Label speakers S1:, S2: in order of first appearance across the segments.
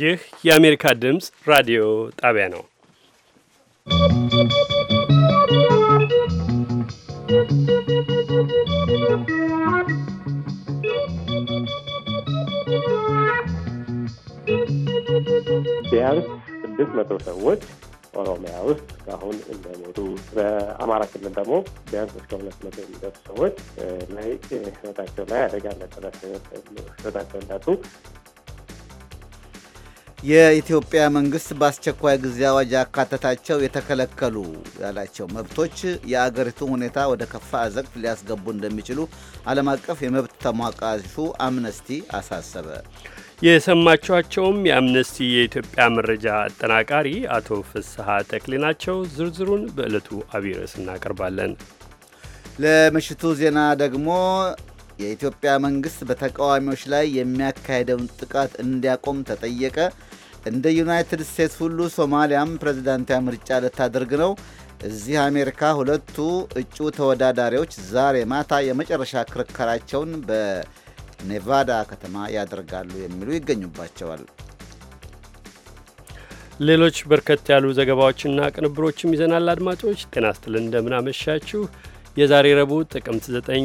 S1: ይህ የአሜሪካ ድምፅ ራዲዮ ጣቢያ ነው።
S2: ቢያንስ ስድስት መቶ ሰዎች ኦሮሚያ ውስጥ አሁን እንደሞቱ በአማራ ክልል ደግሞ ቢያንስ እስከ ሁለት መቶ የሚደርሱ ሰዎች ላይ ህይወታቸው ላይ አደጋ እንዳጠላቸው ህይወታቸው እንዳጡ
S3: የኢትዮጵያ መንግስት በአስቸኳይ ጊዜ አዋጅ ያካተታቸው የተከለከሉ ያላቸው መብቶች የአገሪቱን ሁኔታ ወደ ከፋ አዘቅት ሊያስገቡ እንደሚችሉ ዓለም አቀፍ የመብት ተሟጋቹ አምነስቲ አሳሰበ።
S1: የሰማችኋቸውም የአምነስቲ የኢትዮጵያ መረጃ አጠናቃሪ አቶ ፍስሐ ተክሌ ናቸው። ዝርዝሩን በዕለቱ አብይ ርዕስ እናቀርባለን።
S3: ለምሽቱ ዜና ደግሞ የኢትዮጵያ መንግስት በተቃዋሚዎች ላይ የሚያካሄደውን ጥቃት እንዲያቆም ተጠየቀ። እንደ ዩናይትድ ስቴትስ ሁሉ ሶማሊያም ፕሬዚዳንታዊ ምርጫ ልታደርግ ነው። እዚህ አሜሪካ ሁለቱ እጩ ተወዳዳሪዎች ዛሬ ማታ የመጨረሻ ክርክራቸውን በኔቫዳ ከተማ ያደርጋሉ የሚሉ ይገኙባቸዋል።
S1: ሌሎች በርከት ያሉ ዘገባዎችና ቅንብሮችም ይዘናል። አድማጮች ጤና ይስጥልን፣ እንደምናመሻችሁ የዛሬ ረቡዕ ጥቅምት 9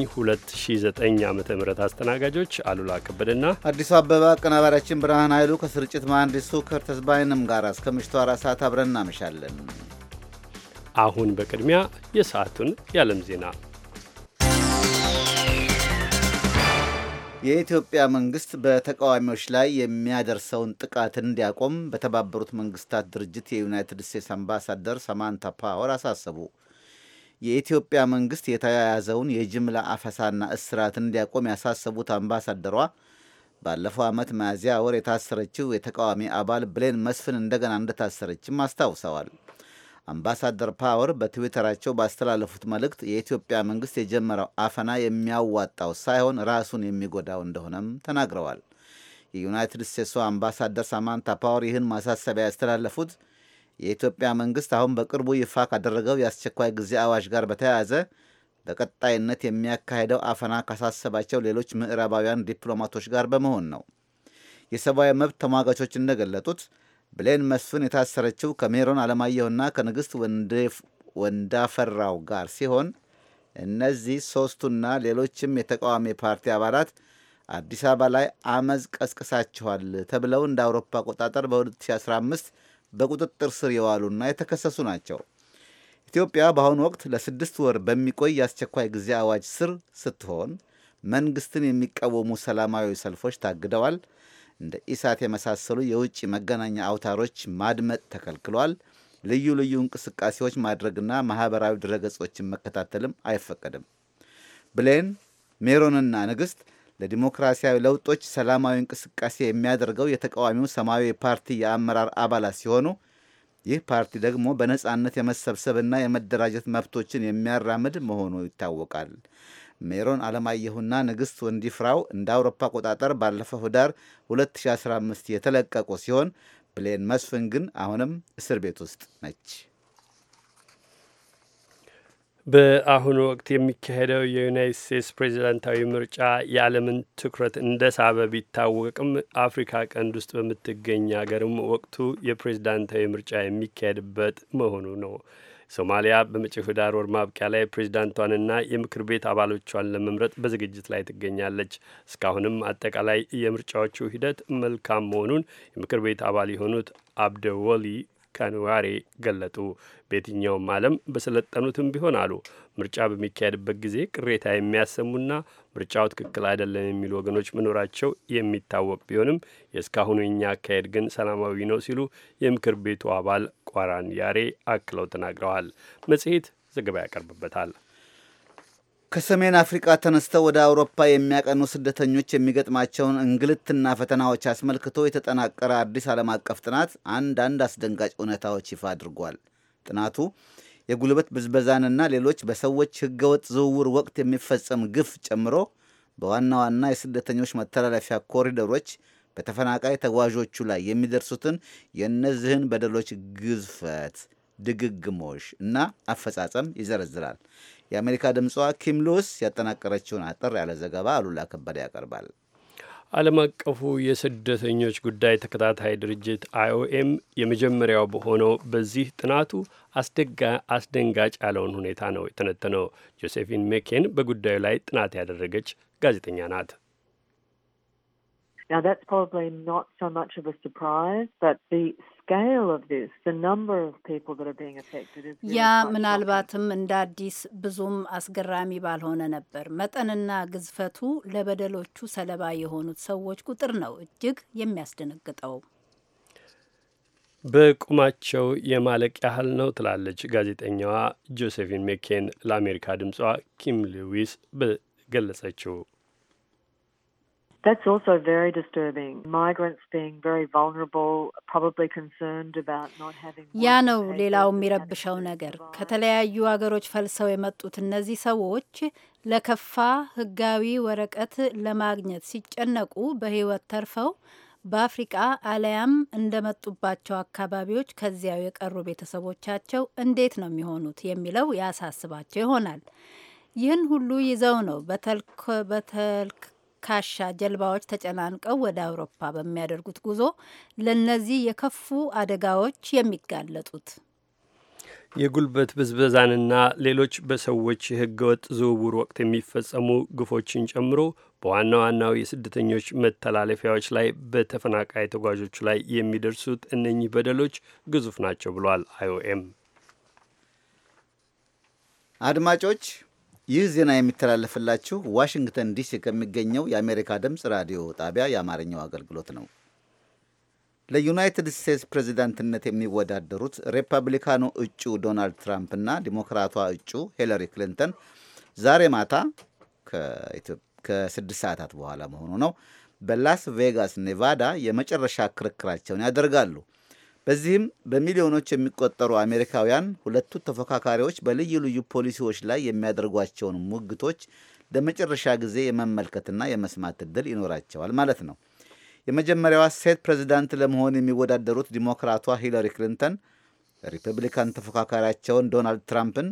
S1: 2009 ዓ ም አስተናጋጆች አሉላ ከበደና
S3: አዲሱ አበባ አቀናባሪያችን ብርሃን ኃይሉ ከስርጭት መሐንዲሱ ከርተስ ባይንም ጋር እስከ ምሽቱ አራት ሰዓት አብረን እናመሻለን። አሁን በቅድሚያ የሰዓቱን የዓለም ዜና። የኢትዮጵያ መንግስት በተቃዋሚዎች ላይ የሚያደርሰውን ጥቃት እንዲያቆም በተባበሩት መንግስታት ድርጅት የዩናይትድ ስቴትስ አምባሳደር ሰማንታ ፓወር አሳሰቡ። የኢትዮጵያ መንግስት የተያያዘውን የጅምላ አፈሳና እስራት እንዲያቆም ያሳሰቡት አምባሳደሯ ባለፈው ዓመት ሚያዝያ ወር የታሰረችው የተቃዋሚ አባል ብሌን መስፍን እንደገና እንደታሰረችም አስታውሰዋል። አምባሳደር ፓወር በትዊተራቸው ባስተላለፉት መልእክት የኢትዮጵያ መንግስት የጀመረው አፈና የሚያዋጣው ሳይሆን ራሱን የሚጎዳው እንደሆነም ተናግረዋል። የዩናይትድ ስቴትሱ አምባሳደር ሳማንታ ፓወር ይህን ማሳሰቢያ ያስተላለፉት የኢትዮጵያ መንግስት አሁን በቅርቡ ይፋ ካደረገው የአስቸኳይ ጊዜ አዋጅ ጋር በተያያዘ በቀጣይነት የሚያካሄደው አፈና ካሳሰባቸው ሌሎች ምዕራባውያን ዲፕሎማቶች ጋር በመሆን ነው። የሰብአዊ መብት ተሟጋቾች እንደገለጡት ብሌን መስፍን የታሰረችው ከሜሮን አለማየሁና ከንግሥት ወንዳፈራው ጋር ሲሆን እነዚህ ሦስቱና ሌሎችም የተቃዋሚ ፓርቲ አባላት አዲስ አበባ ላይ አመዝ ቀስቅሳችኋል ተብለው እንደ አውሮፓ አቆጣጠር በ2015 በቁጥጥር ስር የዋሉና የተከሰሱ ናቸው። ኢትዮጵያ በአሁኑ ወቅት ለስድስት ወር በሚቆይ የአስቸኳይ ጊዜ አዋጅ ስር ስትሆን መንግስትን የሚቃወሙ ሰላማዊ ሰልፎች ታግደዋል። እንደ ኢሳት የመሳሰሉ የውጭ መገናኛ አውታሮች ማድመጥ ተከልክሏል። ልዩ ልዩ እንቅስቃሴዎች ማድረግና ማህበራዊ ድረገጾችን መከታተልም አይፈቀድም። ብሌን ሜሮንና ንግሥት ለዲሞክራሲያዊ ለውጦች ሰላማዊ እንቅስቃሴ የሚያደርገው የተቃዋሚው ሰማያዊ ፓርቲ የአመራር አባላት ሲሆኑ ይህ ፓርቲ ደግሞ በነጻነት የመሰብሰብና የመደራጀት መብቶችን የሚያራምድ መሆኑ ይታወቃል። ሜሮን አለማየሁና ንግሥት ወንዲፍራው እንደ አውሮፓ አቆጣጠር ባለፈው ህዳር 2015 የተለቀቁ ሲሆን ብሌን መስፍን ግን አሁንም እስር ቤት ውስጥ ነች።
S1: በአሁኑ ወቅት የሚካሄደው የዩናይት ስቴትስ ፕሬዚዳንታዊ ምርጫ የዓለምን ትኩረት እንደ ሳበ ቢታወቅም አፍሪካ ቀንድ ውስጥ በምትገኝ ሀገርም ወቅቱ የፕሬዚዳንታዊ ምርጫ የሚካሄድበት መሆኑ ነው። ሶማሊያ በመጪው ህዳር ወር ማብቂያ ላይ ፕሬዚዳንቷንና የምክር ቤት አባሎቿን ለመምረጥ በዝግጅት ላይ ትገኛለች። እስካሁንም አጠቃላይ የምርጫዎቹ ሂደት መልካም መሆኑን የምክር ቤት አባል የሆኑት አብደወሊ ካንዋሬ ገለጡ። በየትኛውም ዓለም በሰለጠኑትም ቢሆን አሉ ምርጫ በሚካሄድበት ጊዜ ቅሬታ የሚያሰሙና ምርጫው ትክክል አይደለም የሚሉ ወገኖች መኖራቸው የሚታወቅ ቢሆንም የእስካሁኑ የኛ አካሄድ ግን ሰላማዊ ነው ሲሉ የምክር ቤቱ አባል ቋራን ያሬ አክለው ተናግረዋል። መጽሔት ዘገባ ያቀርብበታል።
S3: ከሰሜን አፍሪቃ ተነስተው ወደ አውሮፓ የሚያቀኑ ስደተኞች የሚገጥማቸውን እንግልትና ፈተናዎች አስመልክቶ የተጠናቀረ አዲስ ዓለም አቀፍ ጥናት አንዳንድ አስደንጋጭ እውነታዎች ይፋ አድርጓል። ጥናቱ የጉልበት ብዝበዛንና ሌሎች በሰዎች ሕገወጥ ዝውውር ወቅት የሚፈጸም ግፍ ጨምሮ በዋና ዋና የስደተኞች መተላለፊያ ኮሪደሮች በተፈናቃይ ተጓዦቹ ላይ የሚደርሱትን የእነዚህን በደሎች ግዝፈት ድግግሞሽ እና አፈጻጸም ይዘረዝራል። የአሜሪካ ድምፅዋ ኪም ሉስ ያጠናቀረችውን አጠር ያለ ዘገባ አሉላ ከበደ ያቀርባል።
S1: ዓለም አቀፉ የስደተኞች ጉዳይ ተከታታይ ድርጅት አይኦኤም የመጀመሪያው በሆነው በዚህ ጥናቱ አስደንጋጭ ያለውን ሁኔታ ነው የተነተነው። ጆሴፊን ሜኬን በጉዳዩ ላይ ጥናት ያደረገች ጋዜጠኛ ናት።
S4: Now that's probably not so much of a surprise, but the ያ
S5: ምናልባትም እንደ አዲስ ብዙም አስገራሚ ባልሆነ ነበር። መጠንና ግዝፈቱ ለበደሎቹ ሰለባ የሆኑት ሰዎች ቁጥር ነው እጅግ የሚያስደነግጠው።
S1: በቁማቸው የማለቅ ያህል ነው ትላለች ጋዜጠኛዋ ጆሴፊን ሜኬን ለአሜሪካ ድምጿ ኪም ሉዊስ በገለጸችው
S4: That's also very disturbing. Migrants being very vulnerable, probably concerned about not having
S5: ያ ነው ሌላው የሚረብሸው ነገር። ከተለያዩ ሀገሮች ፈልሰው የመጡት እነዚህ ሰዎች ለከፋ ሕጋዊ ወረቀት ለማግኘት ሲጨነቁ በህይወት ተርፈው በአፍሪቃ አለያም እንደመጡባቸው አካባቢዎች ከዚያው የቀሩ ቤተሰቦቻቸው እንዴት ነው የሚሆኑት የሚለው ያሳስባቸው ይሆናል። ይህን ሁሉ ይዘው ነው በተልክ ካሻ ጀልባዎች ተጨናንቀው ወደ አውሮፓ በሚያደርጉት ጉዞ ለእነዚህ የከፉ አደጋዎች የሚጋለጡት
S1: የጉልበት ብዝበዛንና ሌሎች በሰዎች የህገወጥ ዝውውር ወቅት የሚፈጸሙ ግፎችን ጨምሮ በዋና ዋናው የስደተኞች መተላለፊያዎች ላይ በተፈናቃይ ተጓዦቹ ላይ የሚደርሱት እነኚህ በደሎች
S3: ግዙፍ ናቸው ብሏል አይኦኤም። አድማጮች ይህ ዜና የሚተላለፍላችሁ ዋሽንግተን ዲሲ ከሚገኘው የአሜሪካ ድምፅ ራዲዮ ጣቢያ የአማርኛው አገልግሎት ነው። ለዩናይትድ ስቴትስ ፕሬዚዳንትነት የሚወዳደሩት ሪፐብሊካኑ እጩ ዶናልድ ትራምፕ እና ዲሞክራቷ እጩ ሂለሪ ክሊንተን ዛሬ ማታ ከስድስት ሰዓታት በኋላ መሆኑ ነው በላስ ቬጋስ ኔቫዳ የመጨረሻ ክርክራቸውን ያደርጋሉ። በዚህም በሚሊዮኖች የሚቆጠሩ አሜሪካውያን ሁለቱ ተፎካካሪዎች በልዩ ልዩ ፖሊሲዎች ላይ የሚያደርጓቸውን ሙግቶች ለመጨረሻ ጊዜ የመመልከትና የመስማት ዕድል ይኖራቸዋል ማለት ነው። የመጀመሪያዋ ሴት ፕሬዚዳንት ለመሆን የሚወዳደሩት ዲሞክራቷ ሂለሪ ክሊንተን ሪፐብሊካን ተፎካካሪያቸውን ዶናልድ ትራምፕን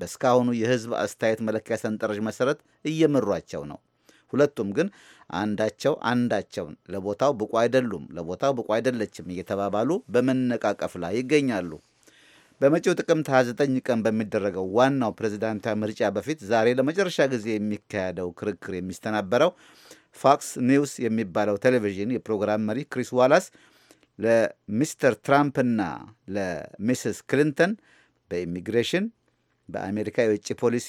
S3: በእስካሁኑ የሕዝብ አስተያየት መለኪያ ሰንጠረዥ መሠረት እየመሯቸው ነው። ሁለቱም ግን አንዳቸው አንዳቸውን ለቦታው ብቁ አይደሉም፣ ለቦታው ብቁ አይደለችም እየተባባሉ በመነቃቀፍ ላይ ይገኛሉ። በመጪው ጥቅምት 29 ቀን በሚደረገው ዋናው ፕሬዚዳንታዊ ምርጫ በፊት ዛሬ ለመጨረሻ ጊዜ የሚካሄደው ክርክር የሚስተናበረው ፎክስ ኒውስ የሚባለው ቴሌቪዥን የፕሮግራም መሪ ክሪስ ዋላስ ለሚስተር ትራምፕና ለሚስስ ክሊንተን በኢሚግሬሽን፣ በአሜሪካ የውጭ ፖሊሲ፣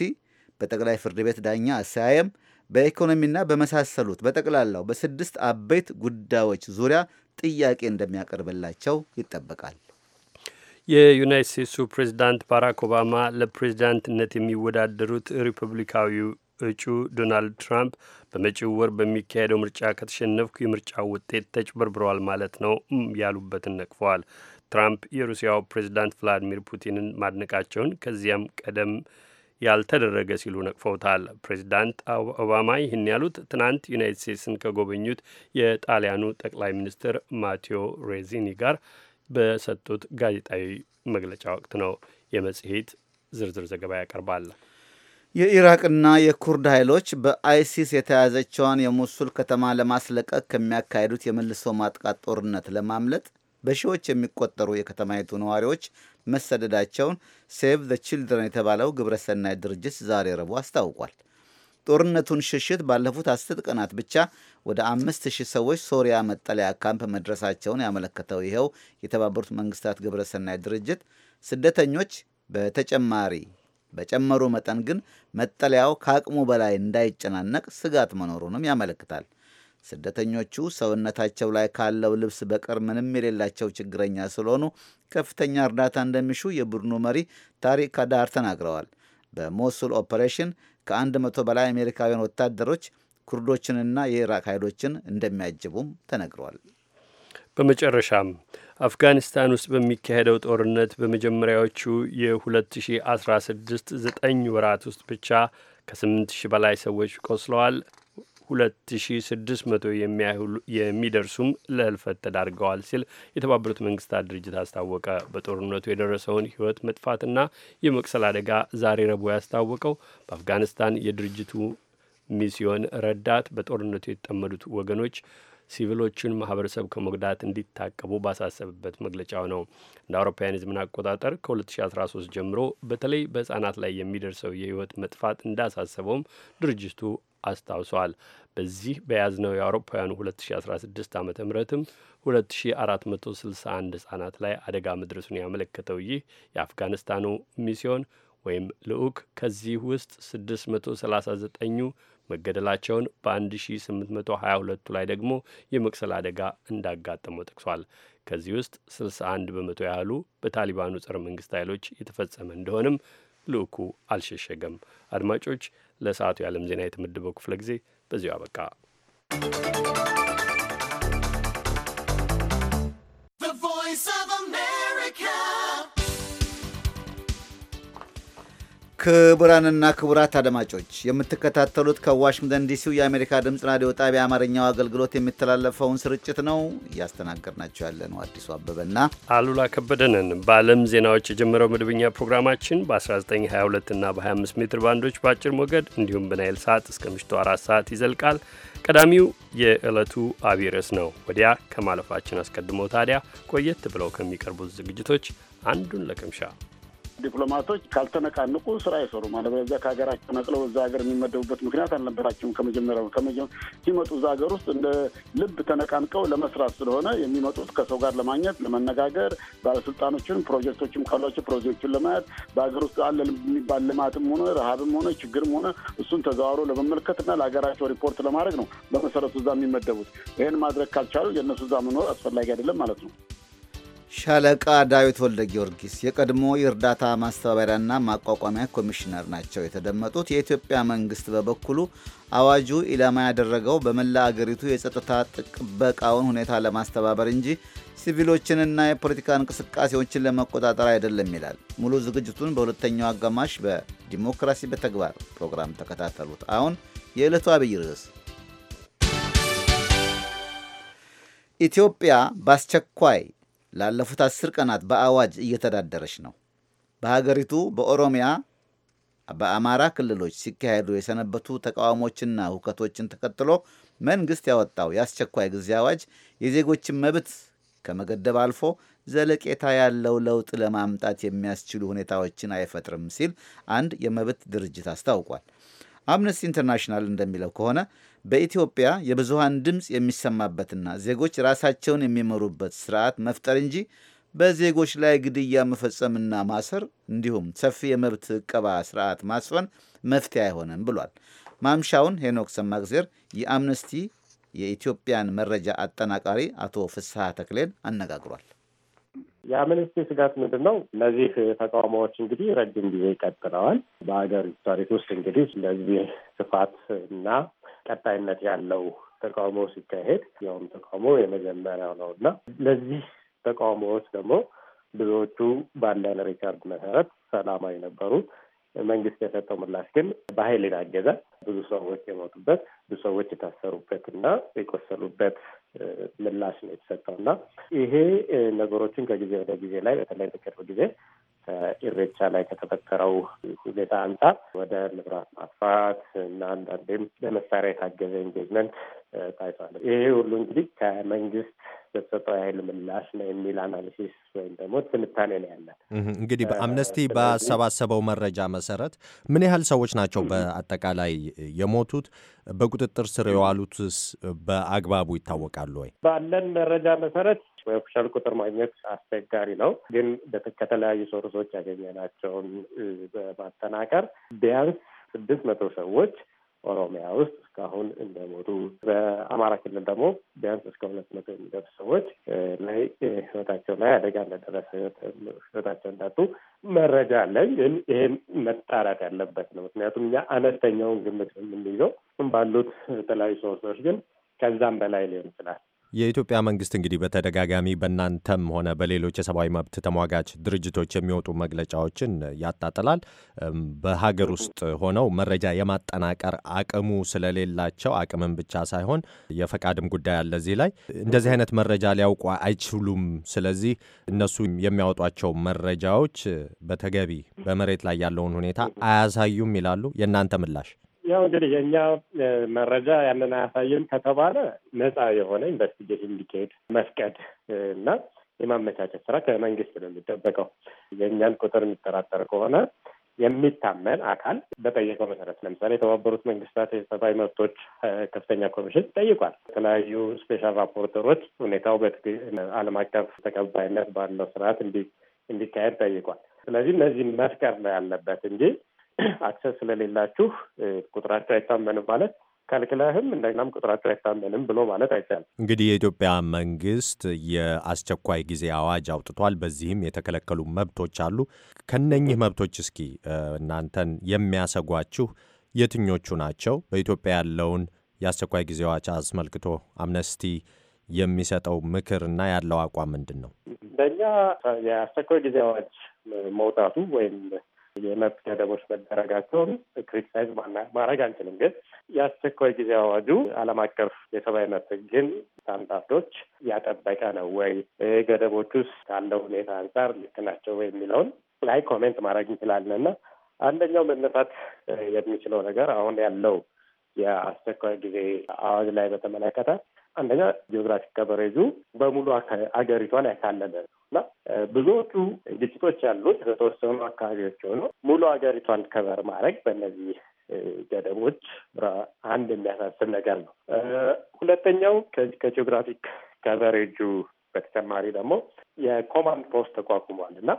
S3: በጠቅላይ ፍርድ ቤት ዳኛ አሰያየም በኢኮኖሚና በመሳሰሉት በጠቅላላው በስድስት አበይት ጉዳዮች ዙሪያ ጥያቄ እንደሚያቀርብላቸው ይጠበቃል።
S1: የዩናይት ስቴትሱ ፕሬዚዳንት ባራክ ኦባማ ለፕሬዚዳንትነት የሚወዳደሩት ሪፐብሊካዊው እጩ ዶናልድ ትራምፕ በመጪው ወር በሚካሄደው ምርጫ ከተሸነፍኩ የምርጫ ውጤት ተጭበርብረዋል ማለት ነው ያሉበትን ነቅፈዋል። ትራምፕ የሩሲያው ፕሬዚዳንት ቭላዲሚር ፑቲንን ማድነቃቸውን ከዚያም ቀደም ያልተደረገ ሲሉ ነቅፈውታል። ፕሬዚዳንት ኦባማ ይህን ያሉት ትናንት ዩናይት ስቴትስን ከጎበኙት የጣሊያኑ ጠቅላይ ሚኒስትር ማቴዎ ሬዚኒ ጋር በሰጡት ጋዜጣዊ መግለጫ ወቅት ነው። የመጽሔት ዝርዝር ዘገባ ያቀርባል።
S3: የኢራቅና የኩርድ ኃይሎች በአይሲስ የተያዘችዋን የሙሱል ከተማ ለማስለቀቅ ከሚያካሄዱት የመልሶ ማጥቃት ጦርነት ለማምለጥ በሺዎች የሚቆጠሩ የከተማይቱ ነዋሪዎች መሰደዳቸውን ሴቭ ዘ ችልድረን የተባለው ግብረሰናይ ድርጅት ዛሬ ረቡዕ አስታውቋል። ጦርነቱን ሽሽት ባለፉት አስር ቀናት ብቻ ወደ አምስት ሺህ ሰዎች ሶሪያ መጠለያ ካምፕ መድረሳቸውን ያመለከተው ይኸው የተባበሩት መንግስታት ግብረሰናይ ድርጅት ስደተኞች በተጨማሪ በጨመሩ መጠን ግን መጠለያው ከአቅሙ በላይ እንዳይጨናነቅ ስጋት መኖሩንም ያመለክታል። ስደተኞቹ ሰውነታቸው ላይ ካለው ልብስ በቀር ምንም የሌላቸው ችግረኛ ስለሆኑ ከፍተኛ እርዳታ እንደሚሹ የቡድኑ መሪ ታሪክ ካዳር ተናግረዋል። በሞሱል ኦፐሬሽን ከአንድ መቶ በላይ አሜሪካውያን ወታደሮች ኩርዶችንና የኢራቅ ኃይሎችን እንደሚያጅቡም ተነግረዋል።
S1: በመጨረሻም አፍጋኒስታን ውስጥ በሚካሄደው ጦርነት በመጀመሪያዎቹ የ2016 ዘጠኝ ወራት ውስጥ ብቻ ከ8000 በላይ ሰዎች ቆስለዋል። 2600 የሚደርሱም ለህልፈት ተዳርገዋል ሲል የተባበሩት መንግስታት ድርጅት አስታወቀ። በጦርነቱ የደረሰውን ህይወት መጥፋትና የመቁሰል አደጋ ዛሬ ረቡዕ ያስታወቀው በአፍጋኒስታን የድርጅቱ ሚስዮን ረዳት በጦርነቱ የተጠመዱት ወገኖች ሲቪሎቹን ማህበረሰብ ከመጉዳት እንዲታቀቡ ባሳሰብበት መግለጫው ነው። እንደ አውሮፓውያን የዘመን አቆጣጠር ከ2013 ጀምሮ በተለይ በህጻናት ላይ የሚደርሰው የህይወት መጥፋት እንዳሳሰበውም ድርጅቱ አስታውሰዋል። በዚህ በያዝነው የአውሮፓውያኑ 2016 ዓ ም 2461 ህጻናት ላይ አደጋ መድረሱን ያመለከተው ይህ የአፍጋኒስታኑ ሚስዮን ወይም ልዑክ ከዚህ ውስጥ 639ኙ መገደላቸውን በ1822ቱ ላይ ደግሞ የመቅሰል አደጋ እንዳጋጠመው ጠቅሷል። ከዚህ ውስጥ 61 በመቶ ያህሉ በታሊባኑ ጸረ መንግስት ኃይሎች የተፈጸመ እንደሆነም ልዑኩ አልሸሸገም። አድማጮች ለሰዓቱ የዓለም ዜና የተመደበው ክፍለ ጊዜ በዚሁ አበቃ።
S3: ክቡራንና ክቡራት አድማጮች የምትከታተሉት ከዋሽንግተን ዲሲው የአሜሪካ ድምፅ ራዲዮ ጣቢያ አማርኛው አገልግሎት የሚተላለፈውን ስርጭት ነው። እያስተናገድናቸው ያለ ነው አዲሱ አበበና አሉላ
S1: ከበደንን። በዓለም ዜናዎች የጀመረው መደበኛ ፕሮግራማችን በ1922 እና በ25 ሜትር ባንዶች በአጭር ሞገድ እንዲሁም በናይል ሰዓት እስከ ምሽቱ አራት ሰዓት ይዘልቃል። ቀዳሚው የዕለቱ አብይ ርዕስ ነው። ወዲያ ከማለፋችን አስቀድሞ ታዲያ ቆየት ብለው ከሚቀርቡት ዝግጅቶች አንዱን ለቅምሻ
S6: ዲፕሎማቶች ካልተነቃንቁ ስራ አይሰሩ አይሰሩም። በዚያ ከሀገራቸው ነቅለው እዛ ሀገር የሚመደቡበት ምክንያት አልነበራቸውም። ከመጀመሪያው ሲመጡ እዛ ሀገር ውስጥ እንደ ልብ ተነቃንቀው ለመስራት ስለሆነ የሚመጡት ከሰው ጋር ለማግኘት፣ ለመነጋገር፣ ባለስልጣኖችን ፕሮጀክቶችም ካሏቸው ፕሮጀክቶችን ለማየት በሀገር ውስጥ አለ የሚባል ልማትም ሆነ ረሃብም ሆነ ችግርም ሆነ እሱን ተዘዋውሮ ለመመልከትና ለሀገራቸው ሪፖርት ለማድረግ ነው በመሰረቱ እዛ የሚመደቡት። ይህን ማድረግ ካልቻሉ የእነሱ እዛ መኖር አስፈላጊ አይደለም ማለት ነው።
S3: ሻለቃ ዳዊት ወልደ ጊዮርጊስ የቀድሞ የእርዳታ ማስተባበሪያና ማቋቋሚያ ኮሚሽነር ናቸው የተደመጡት። የኢትዮጵያ መንግስት በበኩሉ አዋጁ ኢላማ ያደረገው በመላ አገሪቱ የጸጥታ ጥበቃውን ሁኔታ ለማስተባበር እንጂ ሲቪሎችንና የፖለቲካ እንቅስቃሴዎችን ለመቆጣጠር አይደለም ይላል። ሙሉ ዝግጅቱን በሁለተኛው አጋማሽ በዲሞክራሲ በተግባር ፕሮግራም ተከታተሉት። አሁን የዕለቱ አብይ ርዕስ ኢትዮጵያ በአስቸኳይ ላለፉት አስር ቀናት በአዋጅ እየተዳደረች ነው። በሀገሪቱ በኦሮሚያ፣ በአማራ ክልሎች ሲካሄዱ የሰነበቱ ተቃውሞችና ሁከቶችን ተከትሎ መንግስት ያወጣው የአስቸኳይ ጊዜ አዋጅ የዜጎችን መብት ከመገደብ አልፎ ዘለቄታ ያለው ለውጥ ለማምጣት የሚያስችሉ ሁኔታዎችን አይፈጥርም ሲል አንድ የመብት ድርጅት አስታውቋል። አምነስቲ ኢንተርናሽናል እንደሚለው ከሆነ በኢትዮጵያ የብዙሃን ድምፅ የሚሰማበትና ዜጎች ራሳቸውን የሚመሩበት ስርዓት መፍጠር እንጂ በዜጎች ላይ ግድያ መፈጸምና ማሰር እንዲሁም ሰፊ የመብት እቀባ ስርዓት ማስፈን መፍትሄ አይሆንም ብሏል። ማምሻውን ሄኖክ ሰማግዜር የአምነስቲ የኢትዮጵያን መረጃ አጠናቃሪ አቶ ፍስሐ ተክሌን አነጋግሯል።
S2: የአምነስቲ ስጋት ምንድን ነው? እነዚህ ተቃውሞዎች እንግዲህ ረጅም ጊዜ ይቀጥለዋል። በሀገር ታሪክ ውስጥ እንግዲህ እንደዚህ ስፋት እና ቀጣይነት ያለው ተቃውሞ ሲካሄድ ያውም ተቃውሞ የመጀመሪያው ነው እና ለዚህ ተቃውሞዎች ደግሞ ብዙዎቹ ባለን ሪከርድ መሰረት ሰላማዊ ነበሩ። መንግስት የሰጠው ምላሽ ግን በኃይል የታገዘ ብዙ ሰዎች የሞቱበት፣ ብዙ ሰዎች የታሰሩበት እና የቆሰሉበት ምላሽ ነው የተሰጠው እና ይሄ ነገሮችን ከጊዜ ወደ ጊዜ ላይ በተለይ በቅርብ ጊዜ ኢሬቻ ላይ ከተፈጠረው ሁኔታ አንጻር ወደ ንብረት ማጥፋት እና አንዳንዴም በመሳሪያ የታገዘ ኢንጌጅመንት ታይቷል። ይሄ ሁሉ እንግዲህ ከመንግስት በተሰጠው የኃይል ምላሽ ነው የሚል አናሊሲስ ወይም ደግሞ ትንታኔ ነው ያለን።
S7: እንግዲህ በአምነስቲ ባሰባሰበው መረጃ መሰረት ምን ያህል ሰዎች ናቸው በአጠቃላይ የሞቱት? በቁጥጥር ስር የዋሉትስ በአግባቡ ይታወቃሉ ወይ?
S2: ባለን መረጃ መሰረት የኦፊሻል ቁጥር ማግኘት አስቸጋሪ ነው። ግን ከተለያዩ ሶርሶች ያገኘናቸውን በማጠናቀር ቢያንስ ስድስት መቶ ሰዎች ኦሮሚያ ውስጥ እስካሁን እንደሞቱ በአማራ ክልል ደግሞ ቢያንስ እስከ ሁለት መቶ የሚደርሱ ሰዎች ላይ ህይወታቸው ላይ አደጋ እንደደረሰ ህይወታቸው እንዳጡ መረጃ አለኝ። ግን ይህን መጣራት ያለበት ነው። ምክንያቱም እኛ አነስተኛውን ግምት የምንይዘው ባሉት የተለያዩ ሰዎች ግን ከዛም በላይ ሊሆን ይችላል።
S7: የኢትዮጵያ መንግስት እንግዲህ በተደጋጋሚ በእናንተም ሆነ በሌሎች የሰብአዊ መብት ተሟጋች ድርጅቶች የሚወጡ መግለጫዎችን ያጣጥላል። በሀገር ውስጥ ሆነው መረጃ የማጠናቀር አቅሙ ስለሌላቸው አቅምም ብቻ ሳይሆን የፈቃድም ጉዳይ አለ እዚህ ላይ እንደዚህ አይነት መረጃ ሊያውቁ አይችሉም። ስለዚህ እነሱ የሚያወጧቸው መረጃዎች በተገቢ በመሬት ላይ ያለውን ሁኔታ አያሳዩም ይላሉ። የእናንተ ምላሽ?
S2: ያው እንግዲህ የእኛ መረጃ ያንን አያሳይም ከተባለ ነፃ የሆነ ኢንቨስቲጌሽን እንዲካሄድ መፍቀድ እና የማመቻቸት ስራ ከመንግስት ነው የሚጠበቀው። የእኛን ቁጥር የሚጠራጠር ከሆነ የሚታመን አካል በጠየቀው መሰረት ለምሳሌ የተባበሩት መንግስታት የሰብአዊ መብቶች ከፍተኛ ኮሚሽን ጠይቋል። የተለያዩ ስፔሻል ራፖርተሮች ሁኔታው ዓለም አቀፍ ተቀባይነት ባለው ስርዓት እንዲካሄድ ጠይቋል። ስለዚህ እነዚህ መፍቀር ነው ያለበት እንጂ አክሰስ ስለሌላችሁ ቁጥራቸው አይታመንም ማለት ከልክለህም እንደገናም ቁጥራቸው አይታመንም ብሎ ማለት አይቻልም።
S7: እንግዲህ የኢትዮጵያ መንግስት የአስቸኳይ ጊዜ አዋጅ አውጥቷል። በዚህም የተከለከሉ መብቶች አሉ። ከነኚህ መብቶች እስኪ እናንተን የሚያሰጓችሁ የትኞቹ ናቸው? በኢትዮጵያ ያለውን የአስቸኳይ ጊዜ አዋጅ አስመልክቶ አምነስቲ የሚሰጠው ምክር እና ያለው አቋም ምንድን ነው?
S2: በእኛ የአስቸኳይ ጊዜ አዋጅ መውጣቱ ወይም የመብት ገደቦች መደረጋቸውን ክሪቲሳይዝ ማድረግ አንችልም። ግን የአስቸኳይ ጊዜ አዋጁ ዓለም አቀፍ የሰብአዊ መብት ግን ስታንዳርዶች ያጠበቀ ነው ወይ፣ ገደቦች ውስጥ ካለው ሁኔታ አንጻር ልክ ናቸው ወይ የሚለውን ላይ ኮሜንት ማድረግ እንችላለን እና አንደኛው መነሳት የሚችለው ነገር አሁን ያለው የአስቸኳይ ጊዜ አዋጅ ላይ በተመለከተ አንደኛ ጂኦግራፊክ ከበሬጁ በሙሉ አገሪቷን ያካለለ ነው እና ብዙዎቹ ግጭቶች ያሉት በተወሰኑ አካባቢዎች ሆኖ ሙሉ ሀገሪቷን ከበር ማድረግ በእነዚህ ገደቦች አንድ የሚያሳስብ ነገር ነው። ሁለተኛው ከጂኦግራፊክ ከበሬጁ በተጨማሪ ደግሞ የኮማንድ ፖስት ተቋቁሟል እና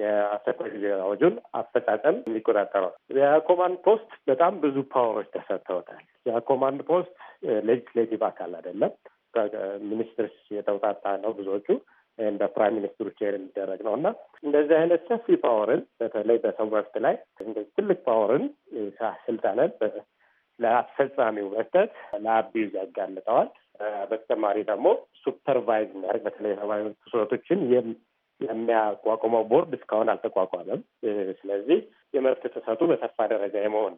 S2: የአስቸኳይ ጊዜ አዋጁን አፈጻጸም የሚቆጣጠረው የኮማንድ ፖስት በጣም ብዙ ፓወሮች ተሰጥተውታል። የኮማንድ ፖስት ሌጅስሌቲቭ አካል አይደለም። ሚኒስትር የተውጣጣ ነው። ብዙዎቹ እንደ ፕራይም ሚኒስትሩ ቼር የሚደረግ ነው እና እንደዚህ አይነት ሰፊ ፓወርን በተለይ በሰው መብት ላይ ትልቅ ፓወርን ስልጣንን ለአስፈጻሚው መስጠት ለአቢዩዝ ያጋልጠዋል። በተጨማሪ ደግሞ ሱፐርቫይዝ የሚያደርግ በተለይ ሰብአዊ መብት ጥሰቶችን የሚያቋቁመው ቦርድ እስካሁን አልተቋቋመም። ስለዚህ የመብት ተሰጥኦ በሰፋ ደረጃ የመሆን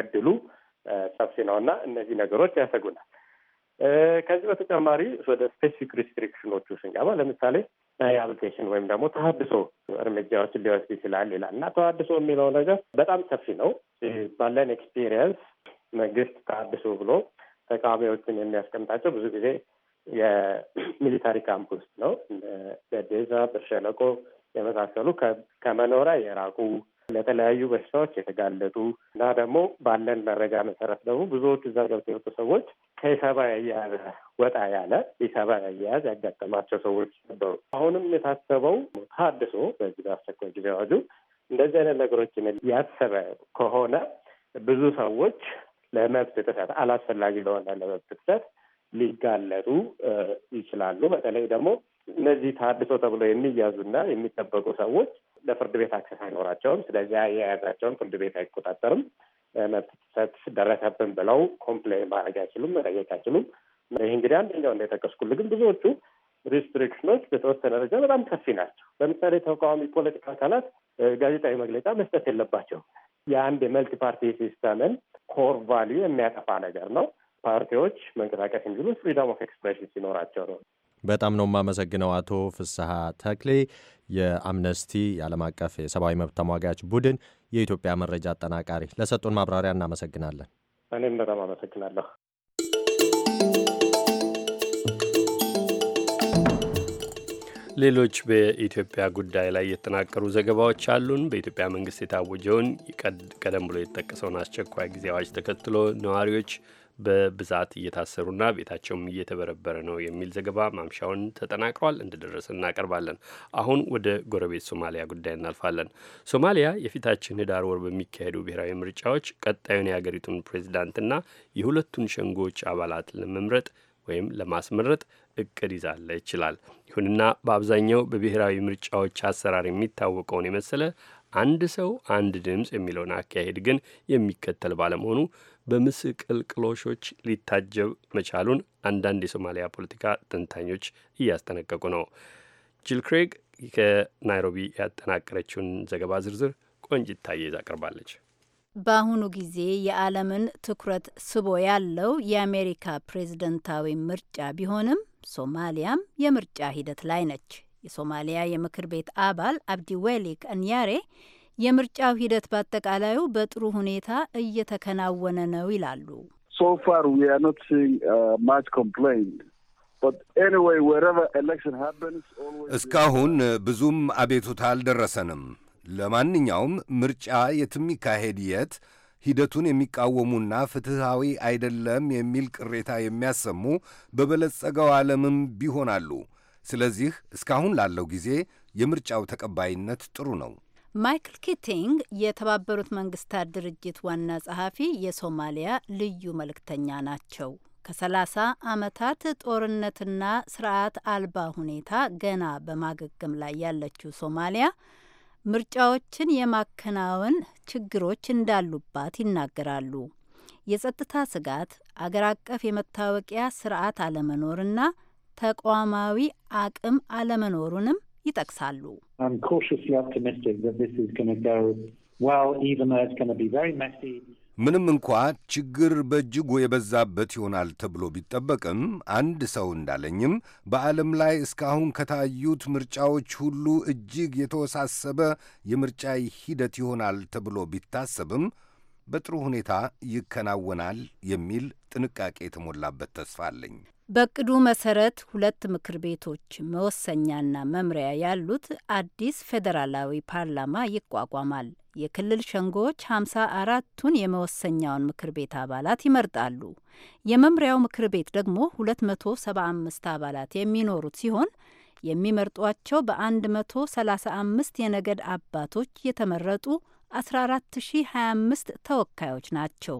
S2: እድሉ ሰፊ ነው እና እነዚህ ነገሮች ያሰጉናል። ከዚህ በተጨማሪ ወደ ስፔሲፊክ ሪስትሪክሽኖቹ ስንገባ ለምሳሌ ሪሀብሊቴሽን ወይም ደግሞ ተሀድሶ እርምጃዎችን ሊወስድ ይችላል ይላል እና ተሀድሶ የሚለው ነገር በጣም ሰፊ ነው። ባለን ኤክስፒሪየንስ መንግስት ተሀድሶ ብሎ ተቃዋሚዎችን የሚያስቀምጣቸው ብዙ ጊዜ የሚሊታሪ ካምፕ ውስጥ ነው። በዴዛ በሸለቆ የመሳሰሉ ከመኖሪያ የራቁ ለተለያዩ በሽታዎች የተጋለጡ እና ደግሞ ባለን መረጃ መሰረት ደግሞ ብዙዎቹ እዛ ገብተው የወጡ ሰዎች ከሰባ አያያዝ ወጣ ያለ የሰባ አያያዝ ያጋጠማቸው ሰዎች ነበሩ። አሁንም የታሰበው ታድሶ በዚህ በአስቸኳይ ጊዜ አዋጁ እንደዚህ አይነት ነገሮችን ያሰበ ከሆነ ብዙ ሰዎች ለመብት ጥሰት አላስፈላጊ ለሆነ ለመብት ጥሰት ሊጋለጡ ይችላሉ። በተለይ ደግሞ እነዚህ ታድሶ ተብሎ የሚያዙና የሚጠበቁ ሰዎች ለፍርድ ቤት አክሰስ አይኖራቸውም። ስለዚ የያዛቸውን ፍርድ ቤት አይቆጣጠርም። መብት ጥሰት ደረሰብን ብለው ኮምፕሌን ማድረግ አይችሉም፣ መጠየቅ አይችሉም። ይህ እንግዲህ አንደኛው እንደጠቀስኩልህ፣ ግን ብዙዎቹ ሪስትሪክሽኖች በተወሰነ ደረጃ በጣም ሰፊ ናቸው። ለምሳሌ ተቃዋሚ ፖለቲካ አካላት ጋዜጣዊ መግለጫ መስጠት የለባቸው የአንድ የመልቲ ፓርቲ ሲስተምን ኮር ቫሊዩ የሚያጠፋ ነገር ነው። ፓርቲዎች መንቀሳቀስ የሚችሉ ፍሪደም ኦፍ ኤክስፕሬሽን ሲኖራቸው ነው።
S7: በጣም ነው የማመሰግነው አቶ ፍስሐ ተክሌ የአምነስቲ የዓለም አቀፍ የሰብአዊ መብት ተሟጋች ቡድን የኢትዮጵያ መረጃ አጠናቃሪ ለሰጡን ማብራሪያ እናመሰግናለን።
S2: እኔም በጣም አመሰግናለሁ።
S1: ሌሎች በኢትዮጵያ ጉዳይ ላይ የተጠናቀሩ ዘገባዎች አሉን። በኢትዮጵያ መንግስት የታወጀውን ቀደም ብሎ የተጠቀሰውን አስቸኳይ ጊዜ አዋጅ ተከትሎ ነዋሪዎች በብዛት እየታሰሩና ቤታቸውም እየተበረበረ ነው የሚል ዘገባ ማምሻውን ተጠናቅሯል። እንደደረሰ እናቀርባለን። አሁን ወደ ጎረቤት ሶማሊያ ጉዳይ እናልፋለን። ሶማሊያ የፊታችን ህዳር ወር በሚካሄዱ ብሔራዊ ምርጫዎች ቀጣዩን የሀገሪቱን ፕሬዚዳንትና የሁለቱን ሸንጎች አባላት ለመምረጥ ወይም ለማስመረጥ እቅድ ይዛለ ይችላል። ይሁንና በአብዛኛው በብሔራዊ ምርጫዎች አሰራር የሚታወቀውን የመሰለ አንድ ሰው አንድ ድምፅ የሚለውን አካሄድ ግን የሚከተል ባለመሆኑ በምስቅልቅሎሾች ሊታጀብ መቻሉን አንዳንድ የሶማሊያ ፖለቲካ ተንታኞች እያስጠነቀቁ ነው። ጂል ክሬግ ከናይሮቢ ያጠናቀረችውን ዘገባ ዝርዝር ቆንጅት ታየ ይዛ ቀርባለች።
S5: በአሁኑ ጊዜ የዓለምን ትኩረት ስቦ ያለው የአሜሪካ ፕሬዝደንታዊ ምርጫ ቢሆንም ሶማሊያም የምርጫ ሂደት ላይ ነች። የሶማሊያ የምክር ቤት አባል አብዲ ዌሊክ እንያሬ የምርጫው ሂደት በአጠቃላዩ በጥሩ ሁኔታ እየተከናወነ ነው ይላሉ።
S6: uh,
S8: እስካሁን uh, ብዙም አቤቱታ አልደረሰንም። ለማንኛውም ምርጫ የትም ይካሄድ የት ሂደቱን የሚቃወሙና ፍትሐዊ አይደለም የሚል ቅሬታ የሚያሰሙ በበለጸገው ዓለምም ቢሆናሉ። ስለዚህ እስካሁን ላለው ጊዜ የምርጫው ተቀባይነት ጥሩ ነው።
S5: ማይክል ኪቲንግ የተባበሩት መንግስታት ድርጅት ዋና ጸሐፊ የሶማሊያ ልዩ መልእክተኛ ናቸው። ከሰላሳ አመታት ጦርነትና ስርዓት አልባ ሁኔታ ገና በማገገም ላይ ያለችው ሶማሊያ ምርጫዎችን የማከናወን ችግሮች እንዳሉባት ይናገራሉ። የጸጥታ ስጋት፣ አገር አቀፍ የመታወቂያ ስርዓት አለመኖርና ተቋማዊ አቅም አለመኖሩንም ይጠቅሳሉ።
S8: ምንም እንኳ ችግር በእጅጉ የበዛበት ይሆናል ተብሎ ቢጠበቅም አንድ ሰው እንዳለኝም በዓለም ላይ እስካሁን ከታዩት ምርጫዎች ሁሉ እጅግ የተወሳሰበ የምርጫ ሂደት ይሆናል ተብሎ ቢታሰብም በጥሩ ሁኔታ ይከናወናል የሚል ጥንቃቄ የተሞላበት ተስፋ አለኝ።
S5: በቅዱ መሰረት ሁለት ምክር ቤቶች መወሰኛና መምሪያ ያሉት አዲስ ፌዴራላዊ ፓርላማ ይቋቋማል። የክልል ሸንጎዎች 5ምሳ አራቱን የመወሰኛውን ምክር ቤት አባላት ይመርጣሉ። የመምሪያው ምክር ቤት ደግሞ 275 አባላት የሚኖሩት ሲሆን የሚመርጧቸው በ135 የነገድ አባቶች የተመረጡ 14025 ተወካዮች ናቸው።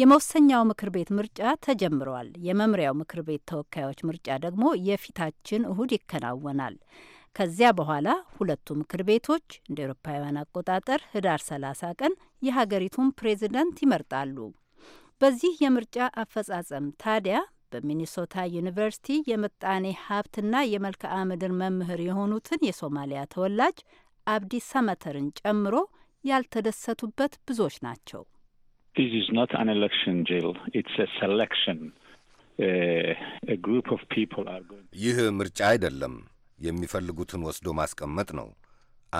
S5: የመወሰኛው ምክር ቤት ምርጫ ተጀምረዋል። የመምሪያው ምክር ቤት ተወካዮች ምርጫ ደግሞ የፊታችን እሁድ ይከናወናል። ከዚያ በኋላ ሁለቱ ምክር ቤቶች እንደ ኤሮፓውያን አቆጣጠር ህዳር 30 ቀን የሀገሪቱን ፕሬዝደንት ይመርጣሉ። በዚህ የምርጫ አፈጻጸም ታዲያ በሚኒሶታ ዩኒቨርሲቲ የምጣኔ ሀብትና የመልክዓ ምድር መምህር የሆኑትን የሶማሊያ ተወላጅ አብዲ ሰመተርን ጨምሮ ያልተደሰቱበት ብዙዎች
S8: ናቸው። This is not an election, Jill. It's a selection. Uh, a group of people are going... ይህ ምርጫ አይደለም። የሚፈልጉትን ወስዶ ማስቀመጥ ነው።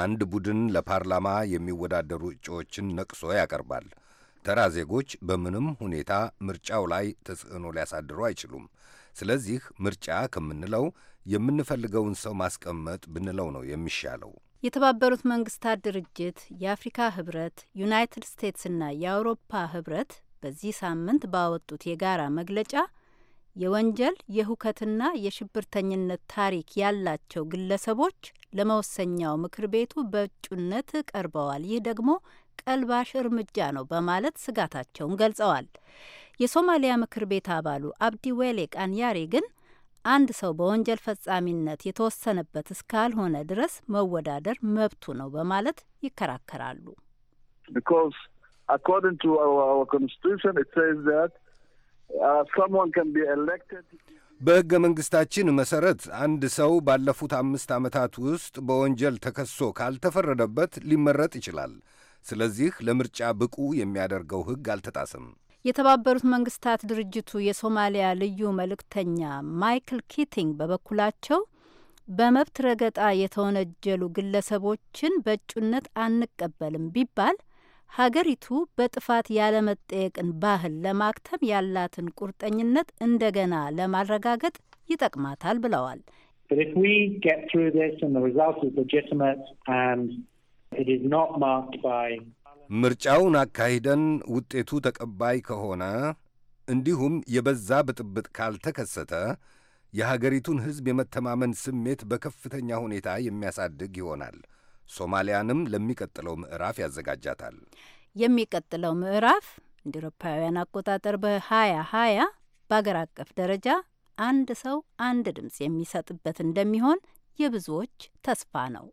S8: አንድ ቡድን ለፓርላማ የሚወዳደሩ እጩዎችን ነቅሶ ያቀርባል። ተራ ዜጎች በምንም ሁኔታ ምርጫው ላይ ተጽዕኖ ሊያሳድሩ አይችሉም። ስለዚህ ምርጫ ከምንለው የምንፈልገውን ሰው ማስቀመጥ ብንለው ነው የሚሻለው።
S5: የተባበሩት መንግስታት ድርጅት፣ የአፍሪካ ህብረት፣ ዩናይትድ ስቴትስና የአውሮፓ ህብረት በዚህ ሳምንት ባወጡት የጋራ መግለጫ የወንጀል የሁከትና የሽብርተኝነት ታሪክ ያላቸው ግለሰቦች ለመወሰኛው ምክር ቤቱ በእጩነት ቀርበዋል፣ ይህ ደግሞ ቀልባሽ እርምጃ ነው በማለት ስጋታቸውን ገልጸዋል። የሶማሊያ ምክር ቤት አባሉ አብዲ ዌሌ ቃንያሬ ግን አንድ ሰው በወንጀል ፈጻሚነት የተወሰነበት እስካልሆነ ድረስ መወዳደር መብቱ ነው በማለት ይከራከራሉ።
S6: uh,
S8: በሕገ መንግሥታችን መሠረት አንድ ሰው ባለፉት አምስት ዓመታት ውስጥ በወንጀል ተከሶ ካልተፈረደበት ሊመረጥ ይችላል። ስለዚህ ለምርጫ ብቁ የሚያደርገው ሕግ አልተጣሰም።
S5: የተባበሩት መንግስታት ድርጅቱ የሶማሊያ ልዩ መልእክተኛ ማይክል ኪቲንግ በበኩላቸው በመብት ረገጣ የተወነጀሉ ግለሰቦችን በእጩነት አንቀበልም ቢባል ሀገሪቱ በጥፋት ያለመጠየቅን ባህል ለማክተም ያላትን ቁርጠኝነት እንደገና ለማረጋገጥ ይጠቅማታል ብለዋል።
S8: ምርጫውን አካሂደን ውጤቱ ተቀባይ ከሆነ እንዲሁም የበዛ ብጥብጥ ካልተከሰተ የሀገሪቱን ሕዝብ የመተማመን ስሜት በከፍተኛ ሁኔታ የሚያሳድግ ይሆናል። ሶማሊያንም ለሚቀጥለው ምዕራፍ ያዘጋጃታል።
S5: የሚቀጥለው ምዕራፍ እንደ አውሮፓውያን አቆጣጠር በሀያ ሀያ በአገር አቀፍ ደረጃ አንድ ሰው አንድ ድምፅ የሚሰጥበት እንደሚሆን የብዙዎች ተስፋ ነው።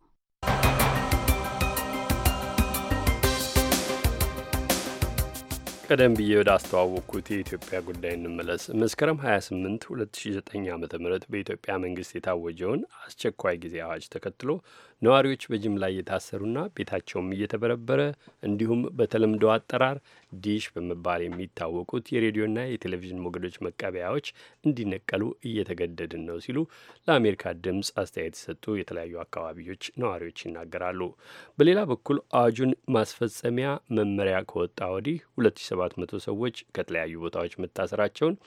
S1: ቀደም ብዬ ወደ አስተዋወቅኩት የኢትዮጵያ ጉዳይ እንመለስ። መስከረም 28 2009 ዓ ም በኢትዮጵያ መንግስት የታወጀውን አስቸኳይ ጊዜ አዋጅ ተከትሎ ነዋሪዎች በጅምላ እየታሰሩና ቤታቸውም እየተበረበረ እንዲሁም በተለምዶ አጠራር ዲሽ በመባል የሚታወቁት የሬዲዮና የቴሌቪዥን ሞገዶች መቀበያዎች እንዲነቀሉ እየተገደድን ነው ሲሉ ለአሜሪካ ድምፅ አስተያየት የሰጡ የተለያዩ አካባቢዎች ነዋሪዎች ይናገራሉ። በሌላ በኩል አዋጁን ማስፈጸሚያ መመሪያ ከወጣ ወዲህ 2700 ሰዎች ከተለያዩ ቦታዎች መታሰራቸውን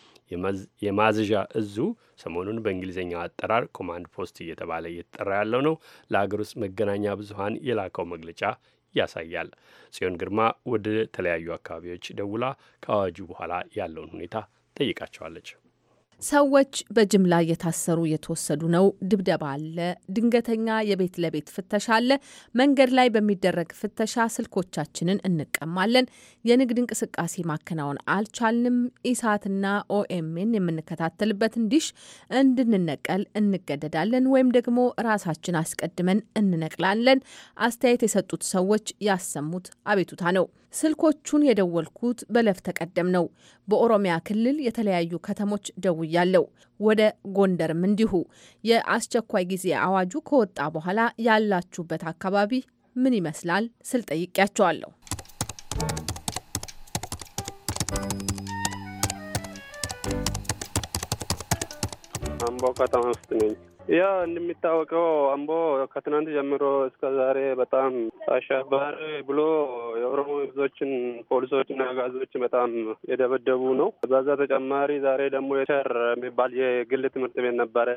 S1: የማዝዣ እዙ ሰሞኑን በእንግሊዝኛው አጠራር ኮማንድ ፖስት እየተባለ እየተጠራ ያለው ነው ለአገር ውስጥ መገናኛ ብዙኃን የላከው መግለጫ ያሳያል። ጽዮን ግርማ ወደ ተለያዩ አካባቢዎች ደውላ ከአዋጁ በኋላ ያለውን ሁኔታ ጠይቃቸዋለች።
S9: ሰዎች በጅምላ እየታሰሩ እየተወሰዱ ነው። ድብደባ አለ። ድንገተኛ የቤት ለቤት ፍተሻ አለ። መንገድ ላይ በሚደረግ ፍተሻ ስልኮቻችንን እንቀማለን። የንግድ እንቅስቃሴ ማከናወን አልቻልንም። ኢሳትና ኦኤምን የምንከታተልበትን ዲሽ እንድንነቀል እንገደዳለን፣ ወይም ደግሞ ራሳችን አስቀድመን እንነቅላለን። አስተያየት የሰጡት ሰዎች ያሰሙት አቤቱታ ነው። ስልኮቹን የደወልኩት በለፍ ተቀደም ነው። በኦሮሚያ ክልል የተለያዩ ከተሞች ደውያለው። ወደ ጎንደርም እንዲሁ። የአስቸኳይ ጊዜ አዋጁ ከወጣ በኋላ ያላችሁበት አካባቢ ምን ይመስላል ስል ጠይቄያቸዋለሁ።
S10: አምቦ ከተማ ውስጥ ነኝ። ያ እንደሚታወቀው አምቦ ከትናንት ጀምሮ እስከ ዛሬ በጣም አሸባሪ ብሎ የኦሮሞ ህዝቦችን ፖሊሶችና ጋዞች በጣም የደበደቡ ነው። በዛ ተጨማሪ ዛሬ ደግሞ የቸር የሚባል የግል ትምህርት ቤት ነበረ።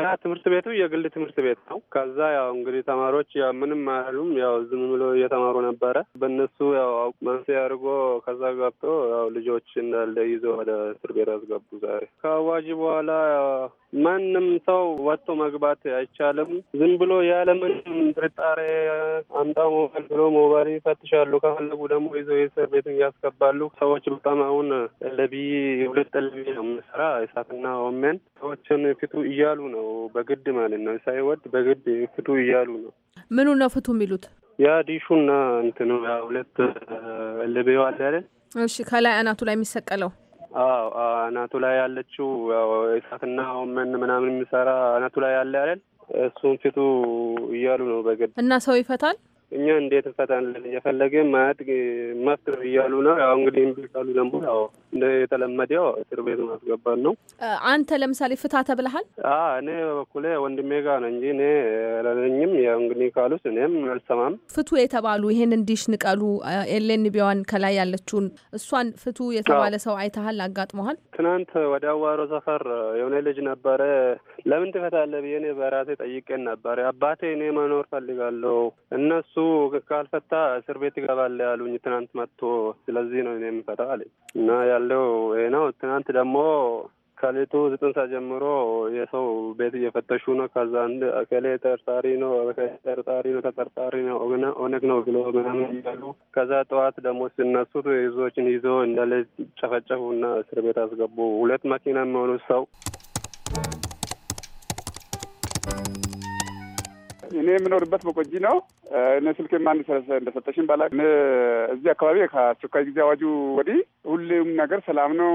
S10: ያ ትምህርት ቤቱ የግል ትምህርት ቤት ነው። ከዛ ያው እንግዲህ ተማሪዎች ያው ምንም አያሉም፣ ያው ዝም ብሎ እየተማሩ ነበረ። በእነሱ ያው መንስኤ አድርጎ ከዛ ገብቶ ያው ልጆች እንዳለ ይዞ ወደ እስር ቤት አስገቡ። ዛሬ ከአዋጅ በኋላ ማንም ሰው ወጥቶ መግባት አይቻልም። ዝም ብሎ ያለምንም ጥርጣሬ አምጣ ሞባይል ብሎ ሞባይል ይፈትሻሉ። ከፈለጉ ደግሞ ይዘው የእስር ቤትን እያስከባሉ ሰዎች በጣም አሁን ለቢ ሁለት ጠለቢ ነው የምንሰራ እሳትና ወመን ሰዎችን ፍቱ እያሉ ነው በግድ ማለት ነው። ሳይወድ በግድ ፍቱ እያሉ ነው።
S9: ምኑ ነው ፍቱ የሚሉት?
S10: ያ ዲሹና እንት ሁለት ለቤዋ አለ
S9: እሺ ከላይ አናቱ ላይ የሚሰቀለው
S10: አዎ አናቱ ላይ ያለችው እሳትና ወመን ምናምን የሚሰራ አናቱ ላይ ያለ ያለን እሱን ፊቱ እያሉ ነው በግድ
S9: እና ሰው ይፈታል
S10: እኛ እንዴት እንፈታለን እየፈለግን ማለት መፍትር እያሉ ነው። ያው እንግዲህ እምቢ ካሉ ደግሞ ያው የተለመደው እስር ቤት ማስገባት ነው።
S9: አንተ ለምሳሌ ፍታ ተብለሃል?
S10: እኔ በበኩሌ ወንድሜ ጋር ነው እንጂ እኔ ረለኝም። ያው እንግዲህ ካሉስ እኔም አልሰማም።
S9: ፍቱ የተባሉ ይሄን እንዲሽ ንቀሉ ኤሌን ቢዋን ከላይ ያለችውን እሷን ፍቱ የተባለ ሰው አይተሃል? አጋጥመሃል?
S10: ትናንት ወደ አዋሮ ሰፈር የሆነ ልጅ ነበረ። ለምን ትፈታለህ ብዬ እኔ በራሴ ጠይቄን ነበር። አባቴ እኔ መኖር ፈልጋለሁ እነሱ እሱ ካልፈታ እስር ቤት ይገባል ያሉኝ ትናንት መጥቶ። ስለዚህ ነው እኔ የምፈታ አለኝ እና ያለው ይሄ ነው። ትናንት ደግሞ ከሌቱ ዘጠኝ ሰዓት ጀምሮ የሰው ቤት እየፈተሹ ነው። ከዛ አንድ እከሌ ተጠርጣሪ ነው ተጠርጣሪ ነው ተጠርጣሪ ነው ኦነግ ነው ብሎ ምናምን እያሉ ከዛ ጠዋት ደግሞ ሲነሱት ይዞችን ይዞ እንዳለ ጨፈጨፉና እስር ቤት አስገቡ። ሁለት መኪና የሚሆኑ ሰው
S11: እኔ የምኖርበት በቆጂ ነው። እኔ ስልክ ማን እንደሰጠሽን ባላ እዚህ አካባቢ ከአስቸኳይ ጊዜ አዋጁ ወዲህ ሁሉም ነገር ሰላም ነው።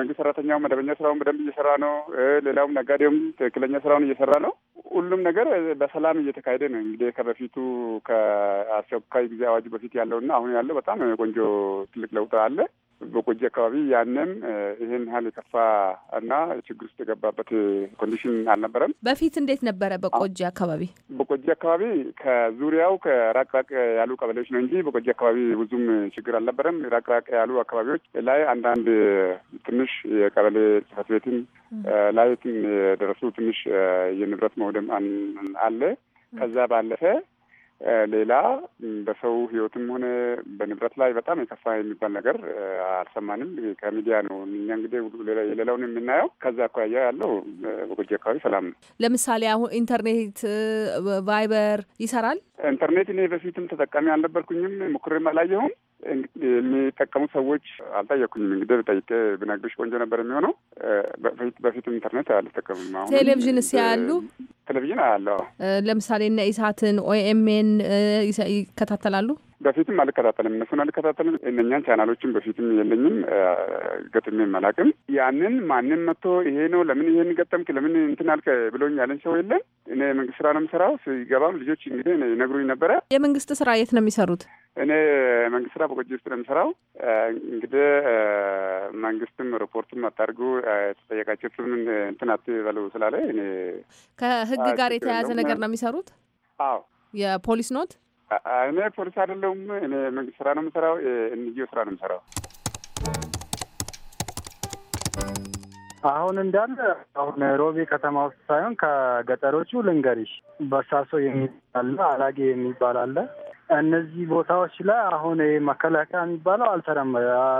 S11: መንግስት ሰራተኛው መደበኛ ስራውን በደንብ እየሰራ ነው። ሌላውም ነጋዴውም ትክክለኛ ስራውን እየሰራ ነው። ሁሉም ነገር በሰላም እየተካሄደ ነው። እንግዲህ ከበፊቱ ከአስቸኳይ ጊዜ አዋጁ በፊት ያለውና አሁን ያለው በጣም ቆንጆ ትልቅ ለውጥ አለ። በቆጂ አካባቢ ያንን ይህን ያህል የከፋ እና ችግር ውስጥ የገባበት ኮንዲሽን አልነበረም።
S9: በፊት እንዴት ነበረ? በቆጂ አካባቢ
S11: በቆጂ አካባቢ ከዙሪያው ከራቅ ራቅ ያሉ ቀበሌዎች ነው እንጂ በቆጂ አካባቢ ብዙም ችግር አልነበረም። ራቅ ራቅ ያሉ አካባቢዎች ላይ አንዳንድ ትንሽ የቀበሌ ጽሕፈት ቤትም ላይ የደረሱ ትንሽ የንብረት መውደም አለ። ከዛ ባለፈ ሌላ በሰው ህይወትም ሆነ በንብረት ላይ በጣም የከፋ የሚባል ነገር አልሰማንም። ከሚዲያ ነው እኛ እንግዲህ የሌላውን የምናየው። ከዛ አኳያ ያለው በጎጂ አካባቢ ሰላም ነው።
S9: ለምሳሌ አሁን ኢንተርኔት ቫይበር ይሰራል።
S11: ኢንተርኔት እኔ በፊትም ተጠቃሚ አልነበርኩኝም፣ ሞክሬም አላየሁም። የሚጠቀሙ ሰዎች አልታየኩኝም። እንግዲህ ጠይቄ ብነግርሽ ቆንጆ ነበር የሚሆነው። በፊት ኢንተርኔት አልጠቀምም። አሁን ቴሌቪዥን ሲያሉ ቴሌቪዥን አያለሁ።
S9: ለምሳሌ እነ ኢሳትን፣ ኦኤምኤን ይከታተላሉ።
S11: በፊትም አልከታተልም፣ እነሱን አልከታተልም። እነኛን ቻናሎችን በፊትም የለኝም፣ ገጥሜ መላቅም ያንን ማንም መጥቶ ይሄ ነው ለምን ይሄን ገጠምክ ለምን እንትን አልከ ብሎኝ ያለን ሰው የለን። እኔ የመንግስት ስራ ነው የምሰራው። ሲገባም ልጆች እንግዲህ ይነግሩኝ ነበረ።
S9: የመንግስት ስራ የት ነው የሚሰሩት?
S11: እኔ መንግስት ስራ በቆጂ ውስጥ ነው የምሰራው። እንግዲህ መንግስትም ሪፖርትም አታድርጉ የተጠየቃችሁትን እንትን አትበሉ ስላለ እኔ
S9: ከህግ ጋር የተያያዘ ነገር ነው የሚሰሩት። አዎ የፖሊስ ኖት።
S11: እኔ ፖሊስ አይደለሁም። እኔ መንግስት ስራ ነው የምሰራው። እንጂኦ ስራ ነው የምሰራው።
S12: አሁን እንዳለ አሁን ሮቢ ከተማ ውስጥ ሳይሆን ከገጠሮቹ ልንገሪሽ፣ በሳሶ የሚባል አላጌ የሚባል አለ እነዚህ ቦታዎች ላይ አሁን ይሄ መከላከያ የሚባለው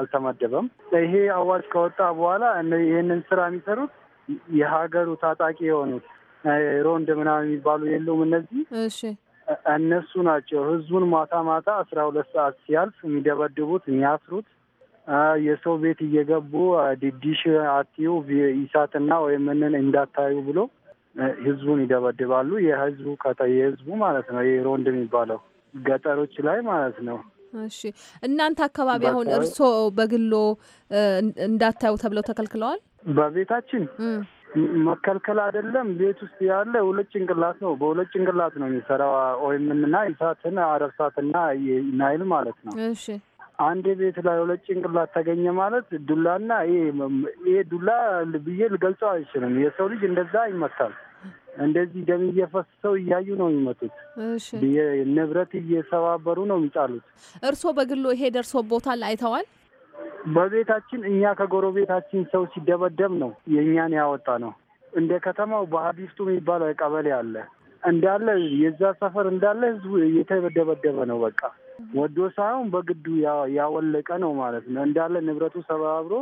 S12: አልተመደበም። ይሄ አዋጅ ከወጣ በኋላ ይህንን ስራ የሚሰሩት የሀገሩ ታጣቂ የሆኑት ሮንድ ምናምን የሚባሉ የሉም። እነዚህ እነሱ ናቸው ህዝቡን ማታ ማታ አስራ ሁለት ሰዓት ሲያልፍ የሚደበድቡት የሚያስሩት የሰው ቤት እየገቡ ዲዲሽ አትዩ ይሳትና ወይም ምንን እንዳታዩ ብሎ ህዝቡን ይደበድባሉ። የህዝቡ የህዝቡ ማለት ነው የሮንድ የሚባለው ገጠሮች ላይ ማለት ነው።
S9: እሺ እናንተ አካባቢ አሁን እርስዎ በግሎ እንዳታዩ ተብለው ተከልክለዋል?
S12: በቤታችን መከልከል አይደለም። ቤት ውስጥ ያለ ሁለት ጭንቅላት ነው። በሁለት ጭንቅላት ነው የሚሰራው ወይምና ኢሳትን አረብ ሳትና ናይል ማለት ነው። እሺ አንድ ቤት ላይ ሁለት ጭንቅላት ተገኘ ማለት ዱላና ይሄ ዱላ ብዬ ልገልጸው አይችልም። የሰው ልጅ እንደዛ ይመታል። እንደዚህ ደም እየፈሰው እያዩ ነው የሚመጡት። ንብረት እየሰባበሩ ነው የሚጫሉት።
S9: እርስዎ በግሎ ይሄ ደርሶ ቦታል አይተዋል?
S12: በቤታችን እኛ ከጎረቤታችን ሰው ሲደበደብ ነው የእኛን ያወጣ ነው። እንደ ከተማው በሀዲስቱ የሚባል ቀበሌ አለ እንዳለ የዛ ሰፈር እንዳለ ህዝቡ እየተደበደበ ነው። በቃ ወዶ ሳይሆን በግዱ ያወለቀ ነው ማለት ነው። እንዳለ ንብረቱ ሰባብሮ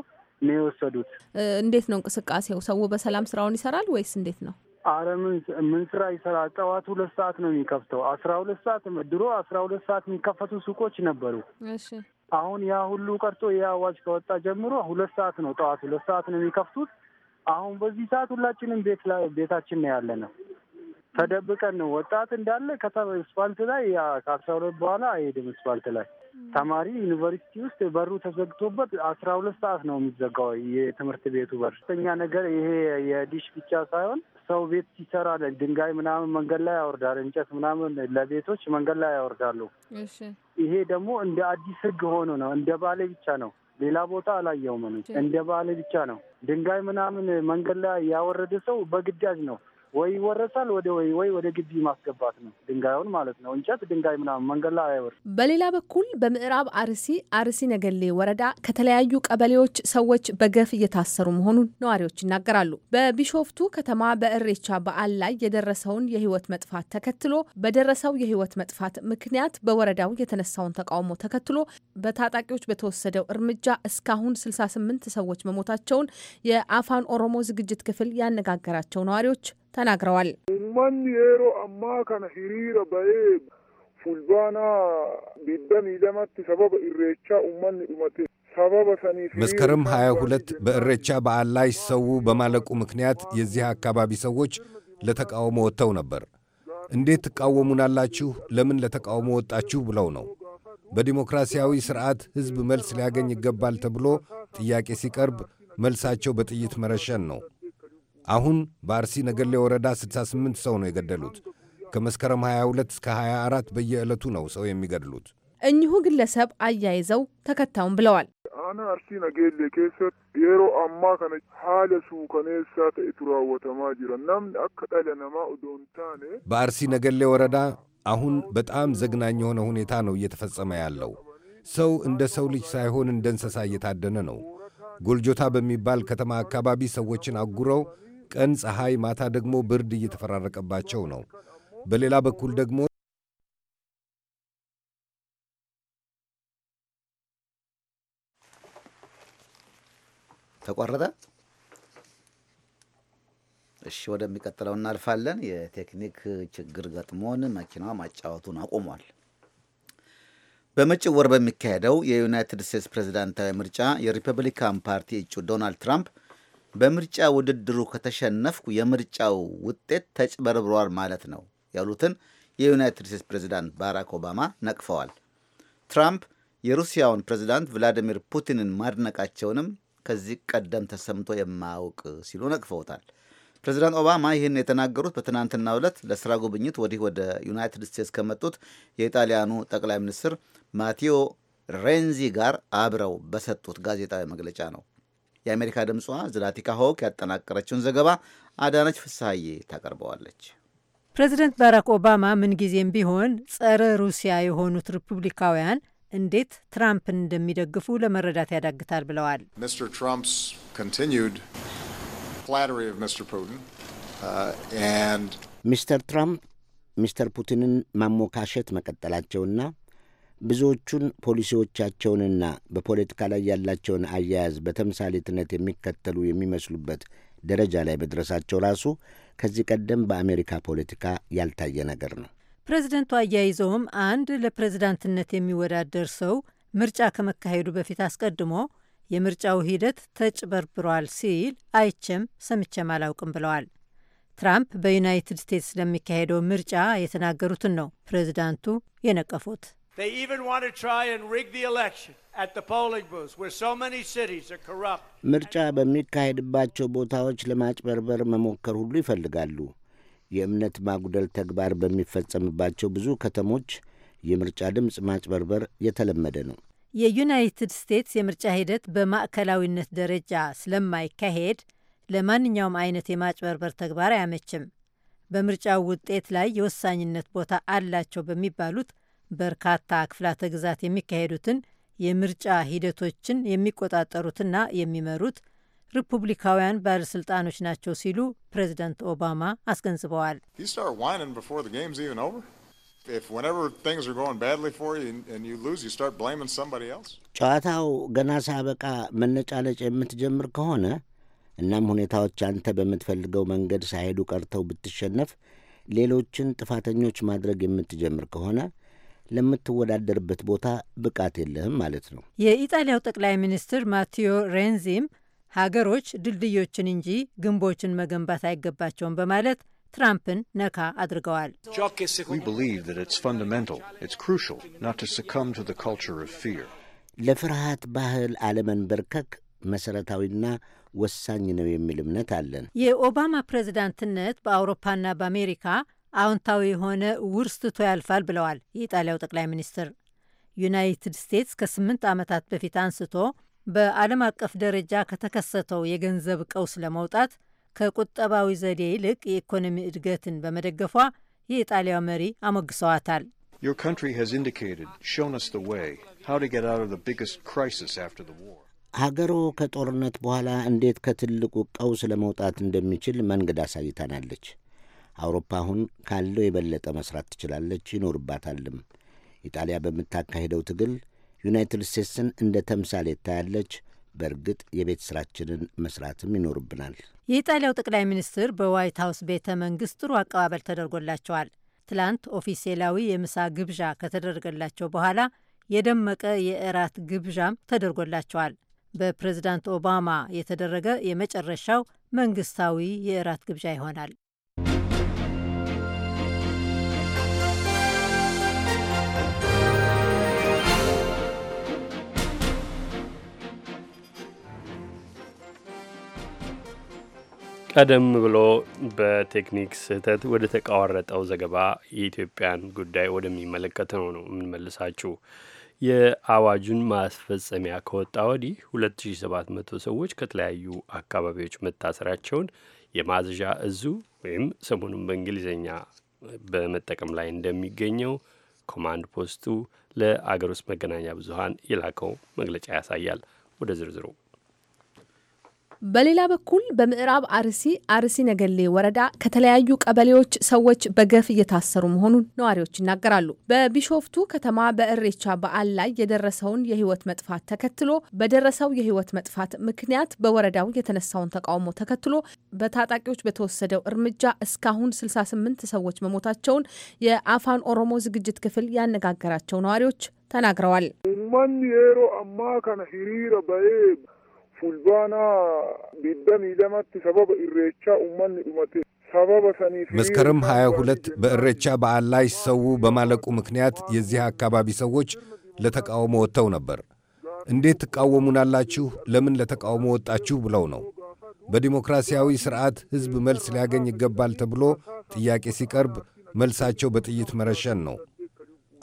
S12: ነው የወሰዱት።
S9: እንዴት ነው እንቅስቃሴው? ሰው በሰላም ስራውን ይሰራል ወይስ እንዴት ነው?
S12: አረ ምን ስራ ይሰራል? ጠዋት ሁለት ሰዓት ነው የሚከፍተው። አስራ ሁለት ሰዓት ድሮ አስራ ሁለት ሰዓት የሚከፈቱ ሱቆች ነበሩ። አሁን ያ ሁሉ ቀርቶ ይህ አዋጅ ከወጣ ጀምሮ ሁለት ሰዓት ነው ጠዋት ሁለት ሰዓት ነው የሚከፍቱት። አሁን በዚህ ሰዓት ሁላችንም ቤት ላይ ቤታችን ነው ያለ ነው ተደብቀን ነው። ወጣት እንዳለ ከተማ ስፓልት ላይ ከአስራ ሁለት በኋላ አይሄድም። ስፓልት ላይ ተማሪ ዩኒቨርሲቲ ውስጥ በሩ ተዘግቶበት አስራ ሁለት ሰዓት ነው የሚዘጋው የትምህርት ቤቱ በር። ሶስተኛ ነገር ይሄ የዲሽ ብቻ ሳይሆን ሰው ቤት ሲሰራ ድንጋይ ምናምን መንገድ ላይ ያወርዳል፣ እንጨት ምናምን ለቤቶች መንገድ ላይ ያወርዳሉ። ይሄ ደግሞ እንደ አዲስ ህግ ሆኖ ነው። እንደ ባሌ ብቻ ነው፣ ሌላ ቦታ አላየውም። እንደ ባሌ ብቻ ነው። ድንጋይ ምናምን መንገድ ላይ ያወረደ ሰው በግዳጅ ነው ወይ ይወረሳል ወደ ወይ ወይ ወደ ግቢ ማስገባት ነው ድንጋዩን ማለት ነው። እንጨት ድንጋይ ምናምን መንገድ ላይ አይወርድ።
S9: በሌላ በኩል በምዕራብ አርሲ አርሲ ነገሌ ወረዳ ከተለያዩ ቀበሌዎች ሰዎች በገፍ እየታሰሩ መሆኑን ነዋሪዎች ይናገራሉ። በቢሾፍቱ ከተማ በእሬቻ በዓል ላይ የደረሰውን የህይወት መጥፋት ተከትሎ በደረሰው የህይወት መጥፋት ምክንያት በወረዳው የተነሳውን ተቃውሞ ተከትሎ በታጣቂዎች በተወሰደው እርምጃ እስካሁን 68 ሰዎች መሞታቸውን የአፋን ኦሮሞ ዝግጅት ክፍል ያነጋገራቸው ነዋሪዎች ተናግረዋል።
S13: መስከረም
S8: 22 በእሬቻ በዓል ላይ ሰው በማለቁ ምክንያት የዚህ አካባቢ ሰዎች ለተቃውሞ ወጥተው ነበር። እንዴት ትቃወሙናላችሁ? ለምን ለተቃውሞ ወጣችሁ? ብለው ነው። በዲሞክራሲያዊ ሥርዓት ሕዝብ መልስ ሊያገኝ ይገባል ተብሎ ጥያቄ ሲቀርብ መልሳቸው በጥይት መረሸን ነው። አሁን በአርሲ ነገሌ ወረዳ 68 ሰው ነው የገደሉት። ከመስከረም 22 እስከ 24 በየዕለቱ ነው ሰው የሚገድሉት።
S9: እኚሁ ግለሰብ አያይዘው ተከታዩም
S8: ብለዋል።
S13: አነ አርሲ ነገሌ ኬሰት የሮ አማ ከነ ሀለ ጅረ ናምን አከ ነማ ኡዶንታኔ
S8: በአርሲ ነገሌ ወረዳ አሁን በጣም ዘግናኝ የሆነ ሁኔታ ነው እየተፈጸመ ያለው። ሰው እንደ ሰው ልጅ ሳይሆን እንደ እንስሳ እየታደነ ነው። ጎልጆታ በሚባል ከተማ አካባቢ ሰዎችን አጉረው ቀን ፀሐይ፣ ማታ ደግሞ ብርድ እየተፈራረቀባቸው ነው። በሌላ በኩል ደግሞ
S3: ተቋረጠ። እሺ ወደሚቀጥለው እናልፋለን። የቴክኒክ ችግር ገጥሞን መኪናዋ ማጫወቱን አቁሟል። በመጪው ወር በሚካሄደው የዩናይትድ ስቴትስ ፕሬዚዳንታዊ ምርጫ የሪፐብሊካን ፓርቲ እጩ ዶናልድ ትራምፕ በምርጫ ውድድሩ ከተሸነፍኩ የምርጫው ውጤት ተጭበርብሯል ማለት ነው ያሉትን የዩናይትድ ስቴትስ ፕሬዚዳንት ባራክ ኦባማ ነቅፈዋል። ትራምፕ የሩሲያውን ፕሬዚዳንት ቭላዲሚር ፑቲንን ማድነቃቸውንም ከዚህ ቀደም ተሰምቶ የማያውቅ ሲሉ ነቅፈውታል። ፕሬዚዳንት ኦባማ ይህን የተናገሩት በትናንትናው ዕለት ለስራ ጉብኝት ወዲህ ወደ ዩናይትድ ስቴትስ ከመጡት የኢጣሊያኑ ጠቅላይ ሚኒስትር ማቴዎ ሬንዚ ጋር አብረው በሰጡት ጋዜጣዊ መግለጫ ነው። የአሜሪካ ድምጿ ዝላቲካ ሆክ ያጠናቀረችውን ዘገባ አዳነች ፍስሐዬ ታቀርበዋለች።
S4: ፕሬዚደንት ባራክ ኦባማ ምንጊዜም ቢሆን ጸረ ሩሲያ የሆኑት ሪፑብሊካውያን እንዴት ትራምፕን እንደሚደግፉ ለመረዳት ያዳግታል ብለዋል።
S14: ሚስተር uh, ትራምፕ ሚስተር ፑቲንን ማሞካሸት መቀጠላቸውና ብዙዎቹን ፖሊሲዎቻቸውንና በፖለቲካ ላይ ያላቸውን አያያዝ በተምሳሌትነት የሚከተሉ የሚመስሉበት ደረጃ ላይ መድረሳቸው ራሱ ከዚህ ቀደም በአሜሪካ ፖለቲካ ያልታየ ነገር ነው።
S5: ፕሬዚደንቱ
S4: አያይዘውም አንድ ለፕሬዚዳንትነት የሚወዳደር ሰው ምርጫ ከመካሄዱ በፊት አስቀድሞ የምርጫው ሂደት ተጭበርብሯል ሲል አይቼም ሰምቼም አላውቅም ብለዋል። ትራምፕ በዩናይትድ ስቴትስ ለሚካሄደው ምርጫ የተናገሩትን ነው
S14: ፕሬዚዳንቱ የነቀፉት።
S7: ምርጫ
S14: በሚካሄድባቸው ቦታዎች ለማጭበርበር መሞከር ሁሉ ይፈልጋሉ። የእምነት ማጉደል ተግባር በሚፈጸምባቸው ብዙ ከተሞች የምርጫ ድምፅ ማጭበርበር የተለመደ ነው።
S4: የዩናይትድ ስቴትስ የምርጫ ሂደት በማዕከላዊነት ደረጃ ስለማይካሄድ ለማንኛውም አይነት የማጭበርበር ተግባር አያመችም። በምርጫው ውጤት ላይ የወሳኝነት ቦታ አላቸው በሚባሉት በርካታ ክፍላተ ግዛት የሚካሄዱትን የምርጫ ሂደቶችን የሚቆጣጠሩትና የሚመሩት ሪፑብሊካውያን ባለሥልጣኖች ናቸው ሲሉ ፕሬዚደንት ኦባማ አስገንዝበዋል።
S14: ጨዋታው ገና ሳበቃ መነጫለጭ የምትጀምር ከሆነ እናም ሁኔታዎች አንተ በምትፈልገው መንገድ ሳይሄዱ ቀርተው ብትሸነፍ ሌሎችን ጥፋተኞች ማድረግ የምትጀምር ከሆነ ለምትወዳደርበት ቦታ ብቃት የለህም ማለት ነው።
S4: የኢጣሊያው ጠቅላይ ሚኒስትር ማቴዎ ሬንዚም ሀገሮች ድልድዮችን እንጂ ግንቦችን መገንባት አይገባቸውም በማለት ትራምፕን ነካ አድርገዋል።
S14: ለፍርሃት ባህል አለመንበርከክ መሰረታዊና ወሳኝ ነው የሚል እምነት አለን።
S4: የኦባማ ፕሬዝዳንትነት በአውሮፓና በአሜሪካ አዎንታዊ የሆነ ውርስ ትቶ ያልፋል ብለዋል የኢጣሊያው ጠቅላይ ሚኒስትር። ዩናይትድ ስቴትስ ከስምንት ዓመታት በፊት አንስቶ በዓለም አቀፍ ደረጃ ከተከሰተው የገንዘብ ቀውስ ለመውጣት ከቁጠባዊ ዘዴ ይልቅ የኢኮኖሚ እድገትን በመደገፏ የኢጣሊያው መሪ አሞግሰዋታል።
S14: ሀገሮ ከጦርነት በኋላ እንዴት ከትልቁ ቀውስ ለመውጣት እንደሚችል መንገድ አሳይታናለች። አውሮፓ አሁን ካለው የበለጠ መስራት ትችላለች ይኖርባታልም። ኢጣሊያ በምታካሄደው ትግል ዩናይትድ ስቴትስን እንደ ተምሳሌ ታያለች። በእርግጥ የቤት ስራችንን መስራትም ይኖርብናል።
S4: የኢጣሊያው ጠቅላይ ሚኒስትር በዋይት ሀውስ ቤተ መንግስት ጥሩ አቀባበል ተደርጎላቸዋል። ትላንት ኦፊሴላዊ የምሳ ግብዣ ከተደረገላቸው በኋላ የደመቀ የእራት ግብዣም ተደርጎላቸዋል። በፕሬዝዳንት ኦባማ የተደረገ የመጨረሻው መንግስታዊ የእራት ግብዣ ይሆናል።
S1: ቀደም ብሎ በቴክኒክ ስህተት ወደ ተቋረጠው ዘገባ የኢትዮጵያን ጉዳይ ወደሚመለከተው ነው የምንመልሳችሁ። የአዋጁን ማስፈጸሚያ ከወጣ ወዲህ 2700 ሰዎች ከተለያዩ አካባቢዎች መታሰራቸውን የማዘዣ እዙ ወይም ሰሞኑን በእንግሊዝኛ በመጠቀም ላይ እንደሚገኘው ኮማንድ ፖስቱ ለአገር ውስጥ መገናኛ ብዙኃን የላከው መግለጫ ያሳያል። ወደ ዝርዝሩ
S9: በሌላ በኩል በምዕራብ አርሲ አርሲ ነገሌ ወረዳ ከተለያዩ ቀበሌዎች ሰዎች በገፍ እየታሰሩ መሆኑን ነዋሪዎች ይናገራሉ። በቢሾፍቱ ከተማ በእሬቻ በዓል ላይ የደረሰውን የህይወት መጥፋት ተከትሎ በደረሰው የህይወት መጥፋት ምክንያት በወረዳው የተነሳውን ተቃውሞ ተከትሎ በታጣቂዎች በተወሰደው እርምጃ እስካሁን 68 ሰዎች መሞታቸውን የአፋን ኦሮሞ ዝግጅት ክፍል ያነጋገራቸው ነዋሪዎች ተናግረዋል።
S13: fulbaanaa መስከረም 22
S8: በእሬቻ በዓል ላይ ሰው በማለቁ ምክንያት የዚህ አካባቢ ሰዎች ለተቃውሞ ወጥተው ነበር። እንዴት ትቃወሙናላችሁ? ለምን ለተቃውሞ ወጣችሁ? ብለው ነው። በዲሞክራሲያዊ ሥርዓት ሕዝብ መልስ ሊያገኝ ይገባል ተብሎ ጥያቄ ሲቀርብ መልሳቸው በጥይት መረሸን ነው።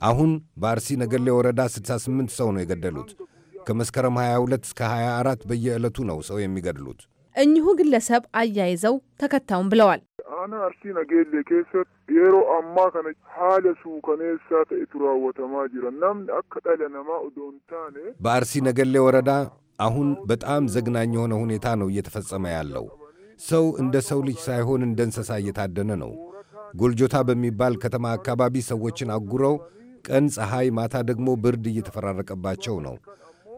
S8: አሁን በአርሲ ነገሌ ወረዳ 68 ሰው ነው የገደሉት። ከመስከረም 22 እስከ 24 በየዕለቱ ነው ሰው የሚገድሉት።
S9: እኚሁ ግለሰብ አያይዘው ተከታዩም
S8: ብለዋል። በአርሲ ነገሌ ወረዳ አሁን በጣም ዘግናኝ የሆነ ሁኔታ ነው እየተፈጸመ ያለው። ሰው እንደ ሰው ልጅ ሳይሆን እንደ እንስሳ እየታደነ ነው። ጎልጆታ በሚባል ከተማ አካባቢ ሰዎችን አጉረው ቀን ፀሐይ፣ ማታ ደግሞ ብርድ እየተፈራረቀባቸው ነው።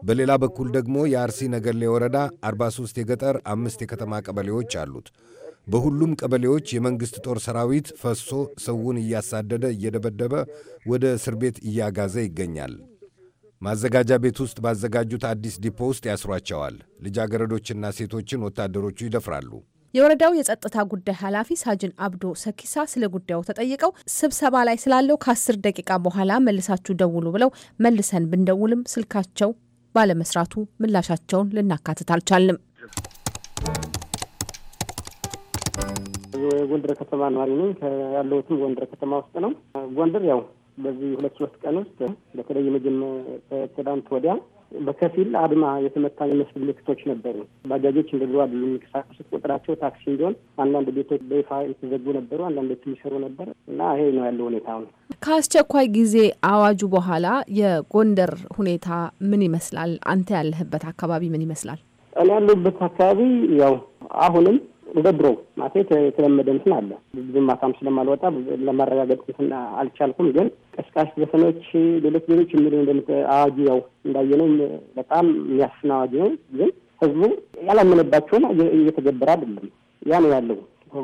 S8: በሌላ በኩል ደግሞ የአርሲ ነገሌ ወረዳ 43 የገጠር አምስት የከተማ ቀበሌዎች አሉት። በሁሉም ቀበሌዎች የመንግሥት ጦር ሰራዊት ፈሶ ሰውን እያሳደደ እየደበደበ ወደ እስር ቤት እያጋዘ ይገኛል። ማዘጋጃ ቤት ውስጥ ባዘጋጁት አዲስ ዲፖ ውስጥ ያስሯቸዋል። ልጃገረዶችና ሴቶችን ወታደሮቹ ይደፍራሉ።
S9: የወረዳው የጸጥታ ጉዳይ ኃላፊ ሳጅን አብዶ ሰኪሳ ስለ ጉዳዩ ተጠይቀው ስብሰባ ላይ ስላለው ከአስር ደቂቃ በኋላ መልሳችሁ ደውሉ ብለው መልሰን ብንደውልም ስልካቸው ባለመስራቱ ምላሻቸውን ልናካትት አልቻልም።
S2: የጎንደር ከተማ ነዋሪ ነኝ። ያለሁትም ጎንደር ከተማ ውስጥ ነው። ጎንደር ያው በዚህ ሁለት ሶስት ቀን ውስጥ በተለይ የመጀመ ትናንት ወዲያ በከፊል አድማ የተመታ የሚመስሉ ምልክቶች ነበሩ። ባጃጆች እንደ ድሮ አይደሉም የሚንቀሳቀሱት። ቁጥራቸው ታክሲ እንዲሆን አንዳንድ ቤቶች በይፋ የተዘጉ ነበሩ፣ አንዳንዶች የሚሰሩ ነበር እና ይሄ ነው ያለው ሁኔታ። አሁን
S9: ከአስቸኳይ ጊዜ አዋጁ በኋላ የጎንደር ሁኔታ ምን ይመስላል? አንተ ያለህበት አካባቢ ምን ይመስላል?
S2: እኔ ያለሁበት አካባቢ ያው አሁንም እንደ ድሮ ማለት የተለመደ እንትን አለ። ብዙም ማታም ስለማልወጣ ለማረጋገጥ እንትን አልቻልኩም። ግን ቀስቃሽ ዘፈኖች፣ ሌሎች ሌሎች የሚሉ አዋጁ ያው እንዳየነው በጣም የሚያስን አዋጅ ነው። ግን ህዝቡ ያላመነባቸውን እየተገበረ አይደለም። ያ ነው ያለው።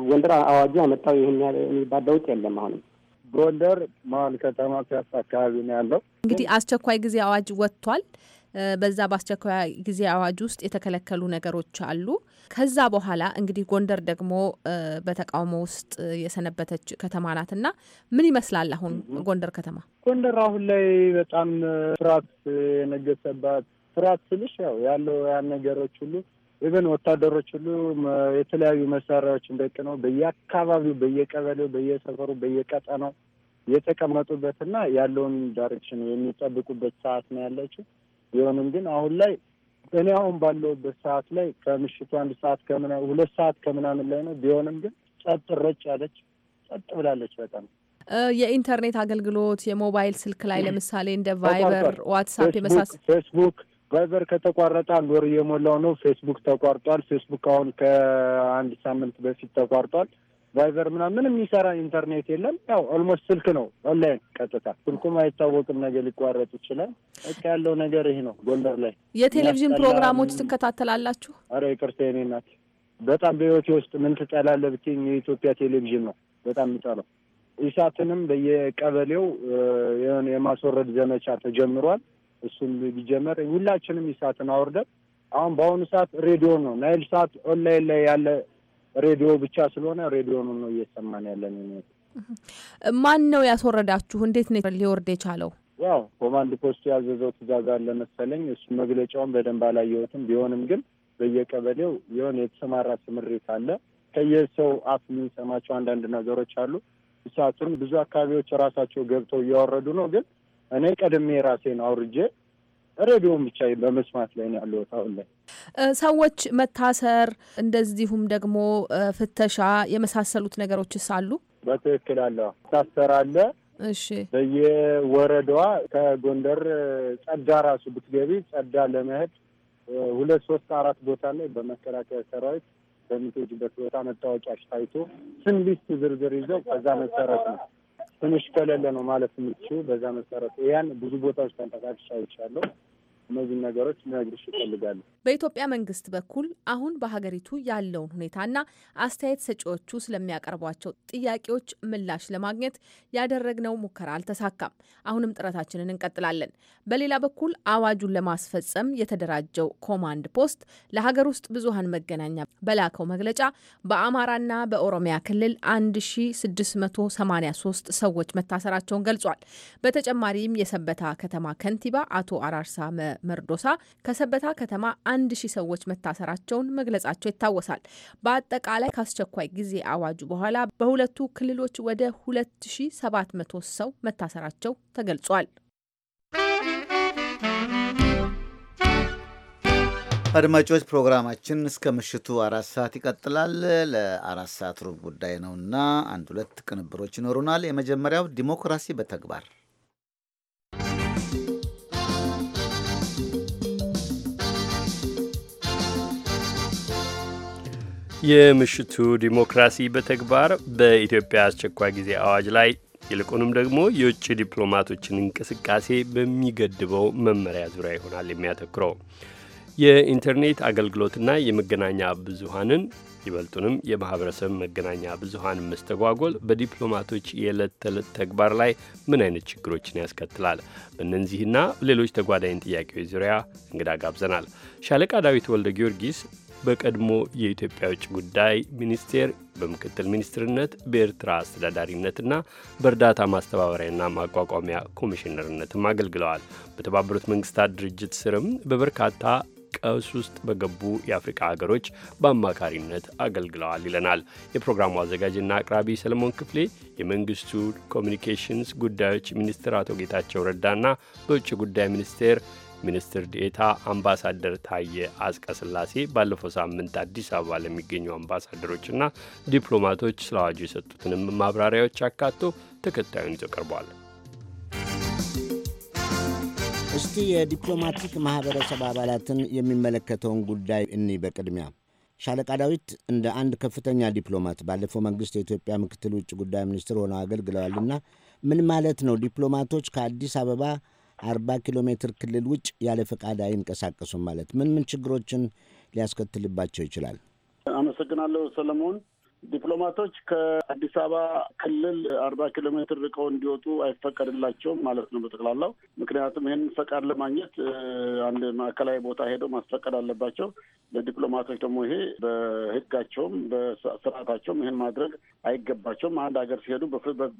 S2: ጎንደር አዋጁ ያመጣው ይህን የሚባል ለውጥ የለም አሁንም ጎንደር መሀል ከተማ ፒያሳ አካባቢ ነው ያለው።
S12: እንግዲህ
S9: አስቸኳይ ጊዜ አዋጅ ወጥቷል። በዛ በአስቸኳይ ጊዜ አዋጅ ውስጥ የተከለከሉ ነገሮች አሉ። ከዛ በኋላ እንግዲህ ጎንደር ደግሞ በተቃውሞ ውስጥ የሰነበተች ከተማ ናት እና ምን ይመስላል አሁን ጎንደር ከተማ?
S12: ጎንደር አሁን ላይ በጣም ፍርሃት የነገሰባት ፍርሃት ስልሽ ያው ያለው ያን ነገሮች ሁሉ ኢቨን ወታደሮች ሁሉ የተለያዩ መሳሪያዎችን ነው በየአካባቢው፣ በየቀበሌው፣ በየሰፈሩ፣ በየቀጠናው የተቀመጡበትና ያለውን ዳይሬክሽን የሚጠብቁበት ሰዓት ነው ያለችው። ቢሆንም ግን አሁን ላይ እኔ አሁን ባለውበት ሰዓት ላይ ከምሽቱ አንድ ሰዓት ከምና ሁለት ሰዓት ከምናምን ላይ ነው። ቢሆንም ግን ጸጥ ረጭ ያለች ጸጥ ብላለች በጣም
S9: የኢንተርኔት አገልግሎት የሞባይል ስልክ ላይ ለምሳሌ እንደ ቫይበር፣ ዋትሳፕ የመሳሰ
S12: ፌስቡክ ቫይበር ከተቋረጠ አንድ ወር እየሞላው ነው። ፌስቡክ ተቋርጧል። ፌስቡክ አሁን ከአንድ ሳምንት በፊት ተቋርጧል። ቫይበር ምናምን ምንም የሚሰራ ኢንተርኔት የለም። ያው ኦልሞስት ስልክ ነው ኦንላይን ቀጥታ ስልኩም አይታወቅም፣ ነገር ሊቋረጥ ይችላል። በቃ ያለው ነገር ይህ ነው። ጎንደር ላይ የቴሌቪዥን ፕሮግራሞች
S9: ትከታተላላችሁ?
S12: አረ ይቅርታ የኔ ናት። በጣም በህይወቴ ውስጥ ምን ትጠላለህ ብትይኝ የኢትዮጵያ ቴሌቪዥን ነው በጣም የምጠላው። ኢሳትንም በየቀበሌው የሆነ የማስወረድ ዘመቻ ተጀምሯል። እሱም ቢጀመር ሁላችንም ኢሳትን አውርደን አሁን በአሁኑ ሰዓት ሬዲዮ ነው ናይል ሰዓት ኦንላይን ላይ ያለ ሬዲዮ ብቻ ስለሆነ ሬዲዮኑ ነው እየሰማን ያለን።
S9: ማን ነው ያስወረዳችሁ? እንዴት ነው ሊወርድ የቻለው?
S12: ያው ኮማንድ ፖስቱ ያዘዘው ትእዛዝ አለ መሰለኝ። እሱ መግለጫውን በደንብ አላየሁትም። ቢሆንም ግን በየቀበሌው የሆነ የተሰማራ ስምሪት አለ። ከየሰው አፍ የሚሰማቸው አንዳንድ ነገሮች አሉ። እሳቱን ብዙ አካባቢዎች ራሳቸው ገብተው እያወረዱ ነው። ግን እኔ ቀድሜ ራሴ ነው አውርጄ ሬዲዮም ብቻ በመስማት ላይ ነው ያለሁት አሁን ላይ።
S9: ሰዎች መታሰር፣ እንደዚሁም ደግሞ ፍተሻ የመሳሰሉት ነገሮችስ አሉ?
S12: በትክክል አለ። ታሰር አለ። እሺ፣ በየወረዷ ከጎንደር ጸዳ ራሱ ብትገቢ ጸዳ ለመሄድ ሁለት ሶስት አራት ቦታ ላይ በመከላከያ ሰራዊት በምትሄጅበት ቦታ መታወቂያ ታይቶ ስም ሊስት ዝርዝር ይዘው ከዛ መሰረት ነው ትንሽ ከሌለ ነው ማለት የምችው። በዛ መሰረት ያን ብዙ ቦታዎች ተንቀሳቅሻ ይቻለሁ እነዚህን ነገሮች ልነግርሽ ይፈልጋሉ።
S9: በኢትዮጵያ መንግስት በኩል አሁን በሀገሪቱ ያለውን ሁኔታና አስተያየት ሰጪዎቹ ስለሚያቀርቧቸው ጥያቄዎች ምላሽ ለማግኘት ያደረግነው ሙከራ አልተሳካም። አሁንም ጥረታችንን እንቀጥላለን። በሌላ በኩል አዋጁን ለማስፈጸም የተደራጀው ኮማንድ ፖስት ለሀገር ውስጥ ብዙሀን መገናኛ በላከው መግለጫ በአማራና በኦሮሚያ ክልል 1683 ሰዎች መታሰራቸውን ገልጿል። በተጨማሪም የሰበታ ከተማ ከንቲባ አቶ አራርሳ መርዶሳ ከሰበታ ከተማ አንድ ሺህ ሰዎች መታሰራቸውን መግለጻቸው ይታወሳል። በአጠቃላይ ከአስቸኳይ ጊዜ አዋጁ በኋላ በሁለቱ ክልሎች ወደ 2700 ሰው መታሰራቸው ተገልጿል።
S3: አድማጮች ፕሮግራማችን እስከ ምሽቱ አራት ሰዓት ይቀጥላል። ለአራት ሰዓት ሩብ ጉዳይ ነውና አንድ ሁለት ቅንብሮች ይኖሩናል። የመጀመሪያው ዲሞክራሲ በተግባር
S1: የምሽቱ ዲሞክራሲ በተግባር በኢትዮጵያ አስቸኳይ ጊዜ አዋጅ ላይ ይልቁንም ደግሞ የውጭ ዲፕሎማቶችን እንቅስቃሴ በሚገድበው መመሪያ ዙሪያ ይሆናል የሚያተኩረው። የኢንተርኔት አገልግሎትና የመገናኛ ብዙሀንን ይበልጡንም የማህበረሰብ መገናኛ ብዙኃን መስተጓጎል በዲፕሎማቶች የዕለት ተዕለት ተግባር ላይ ምን አይነት ችግሮችን ያስከትላል? በእነዚህና ሌሎች ተጓዳኝ ጥያቄዎች ዙሪያ እንግዳ ጋብዘናል። ሻለቃ ዳዊት ወልደ ጊዮርጊስ በቀድሞ የኢትዮጵያ ውጭ ጉዳይ ሚኒስቴር በምክትል ሚኒስትርነት በኤርትራ አስተዳዳሪነትና በእርዳታ ማስተባበሪያና ማቋቋሚያ ኮሚሽነርነትም አገልግለዋል። በተባበሩት መንግስታት ድርጅት ስርም በበርካታ ቀውስ ውስጥ በገቡ የአፍሪካ ሀገሮች በአማካሪነት አገልግለዋል ይለናል የፕሮግራሙ አዘጋጅና አቅራቢ ሰለሞን ክፍሌ የመንግስቱ ኮሚኒኬሽንስ ጉዳዮች ሚኒስትር አቶ ጌታቸው ረዳና በውጭ ጉዳይ ሚኒስቴር ሚኒስትር ዴኤታ አምባሳደር ታየ አስቀስላሴ ባለፈው ሳምንት አዲስ አበባ ለሚገኙ አምባሳደሮችና ዲፕሎማቶች ስለ አዋጁ የሰጡትንም ማብራሪያዎች አካቶ ተከታዩን ይዞ ቀርቧል።
S14: እስቲ የዲፕሎማቲክ ማኅበረሰብ አባላትን የሚመለከተውን ጉዳይ እኒ በቅድሚያ ሻለቃ ዳዊት እንደ አንድ ከፍተኛ ዲፕሎማት ባለፈው መንግስት የኢትዮጵያ ምክትል ውጭ ጉዳይ ሚኒስትር ሆነው አገልግለዋልና ምን ማለት ነው ዲፕሎማቶች ከአዲስ አበባ አርባ ኪሎ ሜትር ክልል ውጭ ያለ ፈቃድ አይንቀሳቀሱም ማለት ምን ምን ችግሮችን ሊያስከትልባቸው ይችላል?
S6: አመሰግናለሁ ሰለሞን። ዲፕሎማቶች ከአዲስ አበባ ክልል አርባ ኪሎ ሜትር ርቀው እንዲወጡ አይፈቀድላቸውም ማለት ነው በጠቅላላው። ምክንያቱም ይህንን ፈቃድ ለማግኘት አንድ ማዕከላዊ ቦታ ሄደው ማስፈቀድ አለባቸው። ለዲፕሎማቶች ደግሞ ይሄ በህጋቸውም በስርዓታቸውም ይህን ማድረግ አይገባቸውም። አንድ ሀገር ሲሄዱ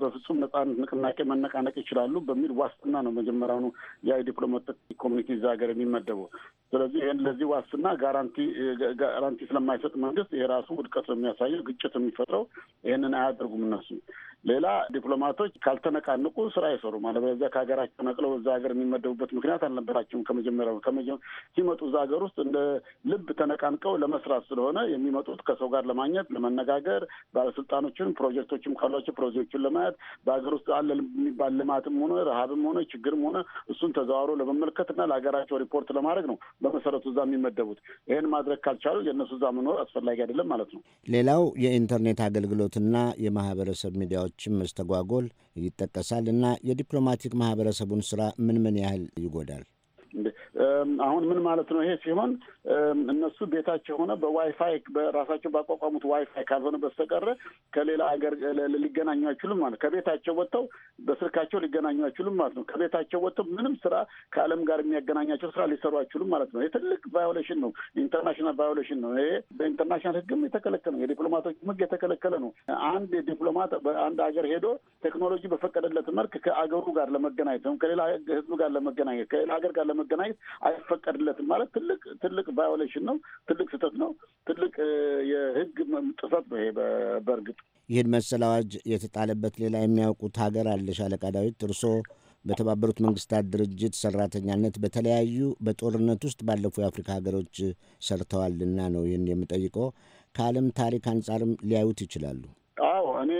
S6: በፍጹም ነጻነት ንቅናቄ መነቃነቅ ይችላሉ በሚል ዋስትና ነው መጀመሪያውኑ ያ የዲፕሎማቲክ ኮሚኒቲ እዛ ሀገር የሚመደቡ። ስለዚህ ይህን ለዚህ ዋስትና ጋራንቲ ጋራንቲ ስለማይሰጥ መንግስት ይሄ ራሱ ውድቀት ነው የሚያሳየው ግጭት የሚፈጥረው ይህንን አያደርጉም እነሱ ሌላ ዲፕሎማቶች ካልተነቃንቁ ስራ አይሰሩም። አለበለዚያ ከሀገራቸው ነቅለው እዛ ሀገር የሚመደቡበት ምክንያት አልነበራቸውም። ከመጀመሪያው ሲመጡ እዛ ሀገር ውስጥ እንደ ልብ ተነቃንቀው ለመስራት ስለሆነ የሚመጡት ከሰው ጋር ለማግኘት፣ ለመነጋገር፣ ባለስልጣኖችን ፕሮጀክቶችም ካሏቸው ፕሮጀክቶችን ለማየት በሀገር ውስጥ አለ የሚባል ልማትም ሆነ ረሀብም ሆነ ችግርም ሆነ እሱን ተዘዋውሮ ለመመልከትና ለሀገራቸው ሪፖርት ለማድረግ ነው በመሰረቱ እዛ የሚመደቡት። ይህን ማድረግ ካልቻሉ የእነሱ እዛ መኖር አስፈላጊ አይደለም ማለት ነው።
S14: ሌላው የኢንተርኔት አገልግሎትና የማህበረሰብ ሚዲያ ሁኔታዎችም መስተጓጎል ይጠቀሳል እና የዲፕሎማቲክ ማህበረሰቡን ስራ ምን ምን ያህል ይጎዳል?
S6: አሁን ምን ማለት ነው? ይሄ ሲሆን እነሱ ቤታቸው ሆነ በዋይፋይ በራሳቸው ባቋቋሙት ዋይፋይ ካልሆነ በስተቀረ ከሌላ ሀገር ሊገናኙ አይችሉም ማለት ከቤታቸው ወጥተው በስልካቸው ሊገናኙ አይችሉም ማለት ነው። ከቤታቸው ወጥተው ምንም ስራ ከዓለም ጋር የሚያገናኛቸው ስራ ሊሰሩ አይችሉም ማለት ነው። ይሄ ትልቅ ቫዮሌሽን ነው፣ ኢንተርናሽናል ቫዮሌሽን ነው። ይሄ በኢንተርናሽናል ህግም የተከለከለ ነው። የዲፕሎማቶች ህግ የተከለከለ ነው። አንድ ዲፕሎማት በአንድ ሀገር ሄዶ ቴክኖሎጂ በፈቀደለት መልክ ከአገሩ ጋር ለመገናኘት ወይም ከሌላ ህዝብ ጋር ለመገናኘት ከሌላ ሀገር ጋር ለመ መገናኘት አይፈቀድለትም ማለት ትልቅ ትልቅ ቫዮሌሽን ነው፣ ትልቅ ስህተት ነው፣ ትልቅ የህግ ጥሰት ነው ይሄ በእርግጥ
S14: ይህን መሰል አዋጅ የተጣለበት ሌላ የሚያውቁት ሀገር አለ? ሻለቃ ዳዊት እርሶ በተባበሩት መንግስታት ድርጅት ሰራተኛነት በተለያዩ በጦርነት ውስጥ ባለፉ የአፍሪካ ሀገሮች ሰርተዋልና ነው ይህን የምጠይቀው። ከዓለም ታሪክ አንጻርም ሊያዩት ይችላሉ።
S6: አዎ እኔ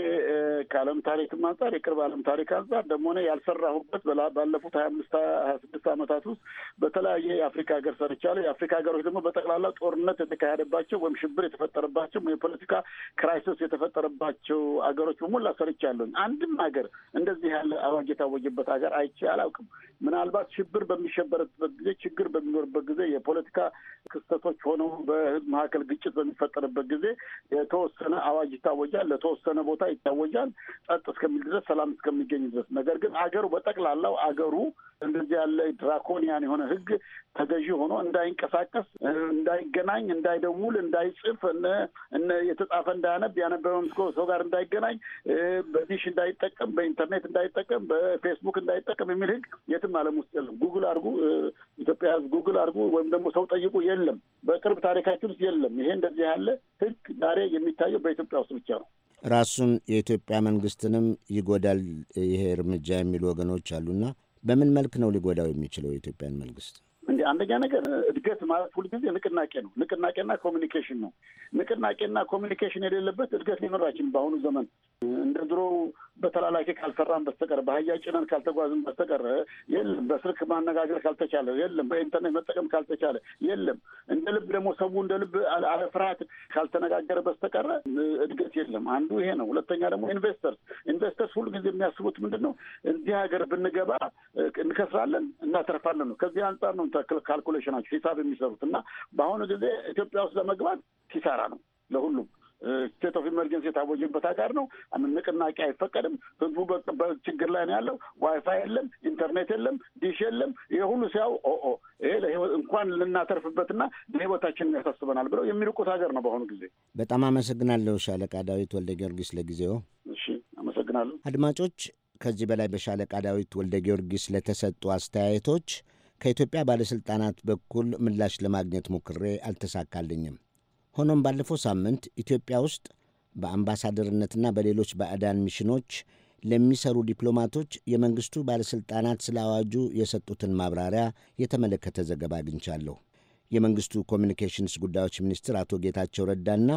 S6: ከዓለም ታሪክም አንጻር የቅርብ ዓለም ታሪክ አንጻር ደግሞ ያልሰራሁበት ባለፉት ሀያ አምስት ሀያ ስድስት ዓመታት ውስጥ በተለያየ የአፍሪካ ሀገር ሰርቻለሁ። የአፍሪካ ሀገሮች ደግሞ በጠቅላላ ጦርነት የተካሄደባቸው ወይም ሽብር የተፈጠረባቸው የፖለቲካ ክራይሲስ የተፈጠረባቸው አገሮች በሙላ ሰርቻለሁ። አንድም ሀገር እንደዚህ ያለ አዋጅ የታወጀበት ሀገር አይቼ አላውቅም። ምናልባት ሽብር በሚሸበረበት ጊዜ፣ ችግር በሚኖርበት ጊዜ፣ የፖለቲካ ክስተቶች ሆነው በህዝብ መካከል ግጭት በሚፈጠርበት ጊዜ የተወሰነ አዋጅ ይታወጃል፣ ለተወሰነ ቦታ ይታወጃል። ይችላል ጸጥ እስከሚል ድረስ ሰላም እስከሚገኝ ድረስ ነገር ግን አገሩ በጠቅላላው አገሩ እንደዚህ ያለ ድራኮኒያን የሆነ ህግ ተገዢ ሆኖ እንዳይንቀሳቀስ፣ እንዳይገናኝ፣ እንዳይደውል፣ እንዳይጽፍ፣ የተጻፈ እንዳያነብ፣ ያነበበም ሰው ጋር እንዳይገናኝ፣ በዲሽ እንዳይጠቀም፣ በኢንተርኔት እንዳይጠቀም፣ በፌስቡክ እንዳይጠቀም የሚል ህግ የትም ዓለም ውስጥ የለም። ጉግል አድርጉ፣ ኢትዮጵያ ህዝብ ጉግል አድርጉ ወይም ደግሞ ሰው ጠይቁ፣ የለም። በቅርብ ታሪካችን ውስጥ የለም። ይሄ እንደዚህ ያለ ህግ ዛሬ የሚታየው በኢትዮጵያ ውስጥ ብቻ ነው።
S14: ራሱን የኢትዮጵያ መንግስትንም ይጎዳል ይሄ እርምጃ የሚሉ ወገኖች አሉና በምን መልክ ነው ሊጎዳው የሚችለው የኢትዮጵያን መንግስት?
S6: እንደ አንደኛ ነገር እድገት ማለት ሁልጊዜ ንቅናቄ ነው። ንቅናቄና ኮሚኒኬሽን ነው። ንቅናቄና ኮሚኒኬሽን የሌለበት እድገት ሊኖራችን በአሁኑ ዘመን እንደ ድሮ በተላላኪ ካልሰራን በስተቀር በአህያ ጭነን ካልተጓዝን በስተቀር የለም። በስልክ ማነጋገር ካልተቻለ የለም። በኢንተርኔት መጠቀም ካልተቻለ የለም። እንደ ልብ ደግሞ ሰው እንደ ልብ አለፍርሃት ካልተነጋገረ በስተቀረ እድገት የለም። አንዱ ይሄ ነው። ሁለተኛ ደግሞ ኢንቨስተርስ ኢንቨስተርስ ሁልጊዜ ጊዜ የሚያስቡት ምንድን ነው? እዚህ ሀገር ብንገባ እንከስራለን እናተርፋለን ነው። ከዚህ አንጻር ነው ካልኩሌሽናቸው ሂሳብ የሚሰሩት እና በአሁኑ ጊዜ ኢትዮጵያ ውስጥ ለመግባት ኪሳራ ነው ለሁሉም። ስቴት ኦፍ ኢመርጀንሲ የታወጀበት ሀገር ነው። ንቅናቄ አይፈቀድም። ህዝቡ በችግር ላይ ነው ያለው። ዋይፋይ የለም፣ ኢንተርኔት የለም፣ ዲሽ የለም። ይሄ ሁሉ ሲያው ኦኦ ይሄ እንኳን ልናተርፍበትና ለህይወታችን ያሳስበናል ብለው የሚልቁት ሀገር ነው በአሁኑ ጊዜ።
S14: በጣም አመሰግናለሁ ሻለቃ ዳዊት ወልደ ጊዮርጊስ ለጊዜው። እሺ አመሰግናለሁ። አድማጮች ከዚህ በላይ በሻለቃ ዳዊት ወልደ ጊዮርጊስ ለተሰጡ አስተያየቶች ከኢትዮጵያ ባለሥልጣናት በኩል ምላሽ ለማግኘት ሞክሬ አልተሳካልኝም። ሆኖም ባለፈው ሳምንት ኢትዮጵያ ውስጥ በአምባሳደርነትና በሌሎች ባዕዳን ሚሽኖች ለሚሰሩ ዲፕሎማቶች የመንግሥቱ ባለሥልጣናት ስለ አዋጁ የሰጡትን ማብራሪያ የተመለከተ ዘገባ አግኝቻለሁ። የመንግሥቱ ኮሚኒኬሽንስ ጉዳዮች ሚኒስትር አቶ ጌታቸው ረዳና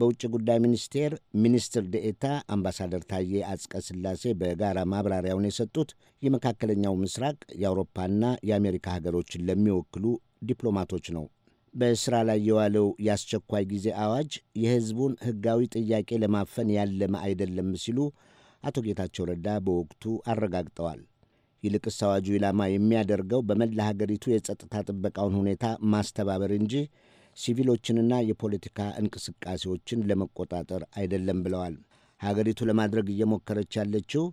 S14: በውጭ ጉዳይ ሚኒስቴር ሚኒስትር ደኤታ አምባሳደር ታዬ አጽቀ ሥላሴ በጋራ ማብራሪያውን የሰጡት የመካከለኛው ምስራቅ የአውሮፓና የአሜሪካ ሀገሮችን ለሚወክሉ ዲፕሎማቶች ነው። በሥራ ላይ የዋለው የአስቸኳይ ጊዜ አዋጅ የሕዝቡን ሕጋዊ ጥያቄ ለማፈን ያለመ አይደለም ሲሉ አቶ ጌታቸው ረዳ በወቅቱ አረጋግጠዋል። ይልቅስ አዋጁ ኢላማ የሚያደርገው በመላ ሀገሪቱ የጸጥታ ጥበቃውን ሁኔታ ማስተባበር እንጂ ሲቪሎችንና የፖለቲካ እንቅስቃሴዎችን ለመቆጣጠር አይደለም ብለዋል። ሀገሪቱ ለማድረግ እየሞከረች ያለችው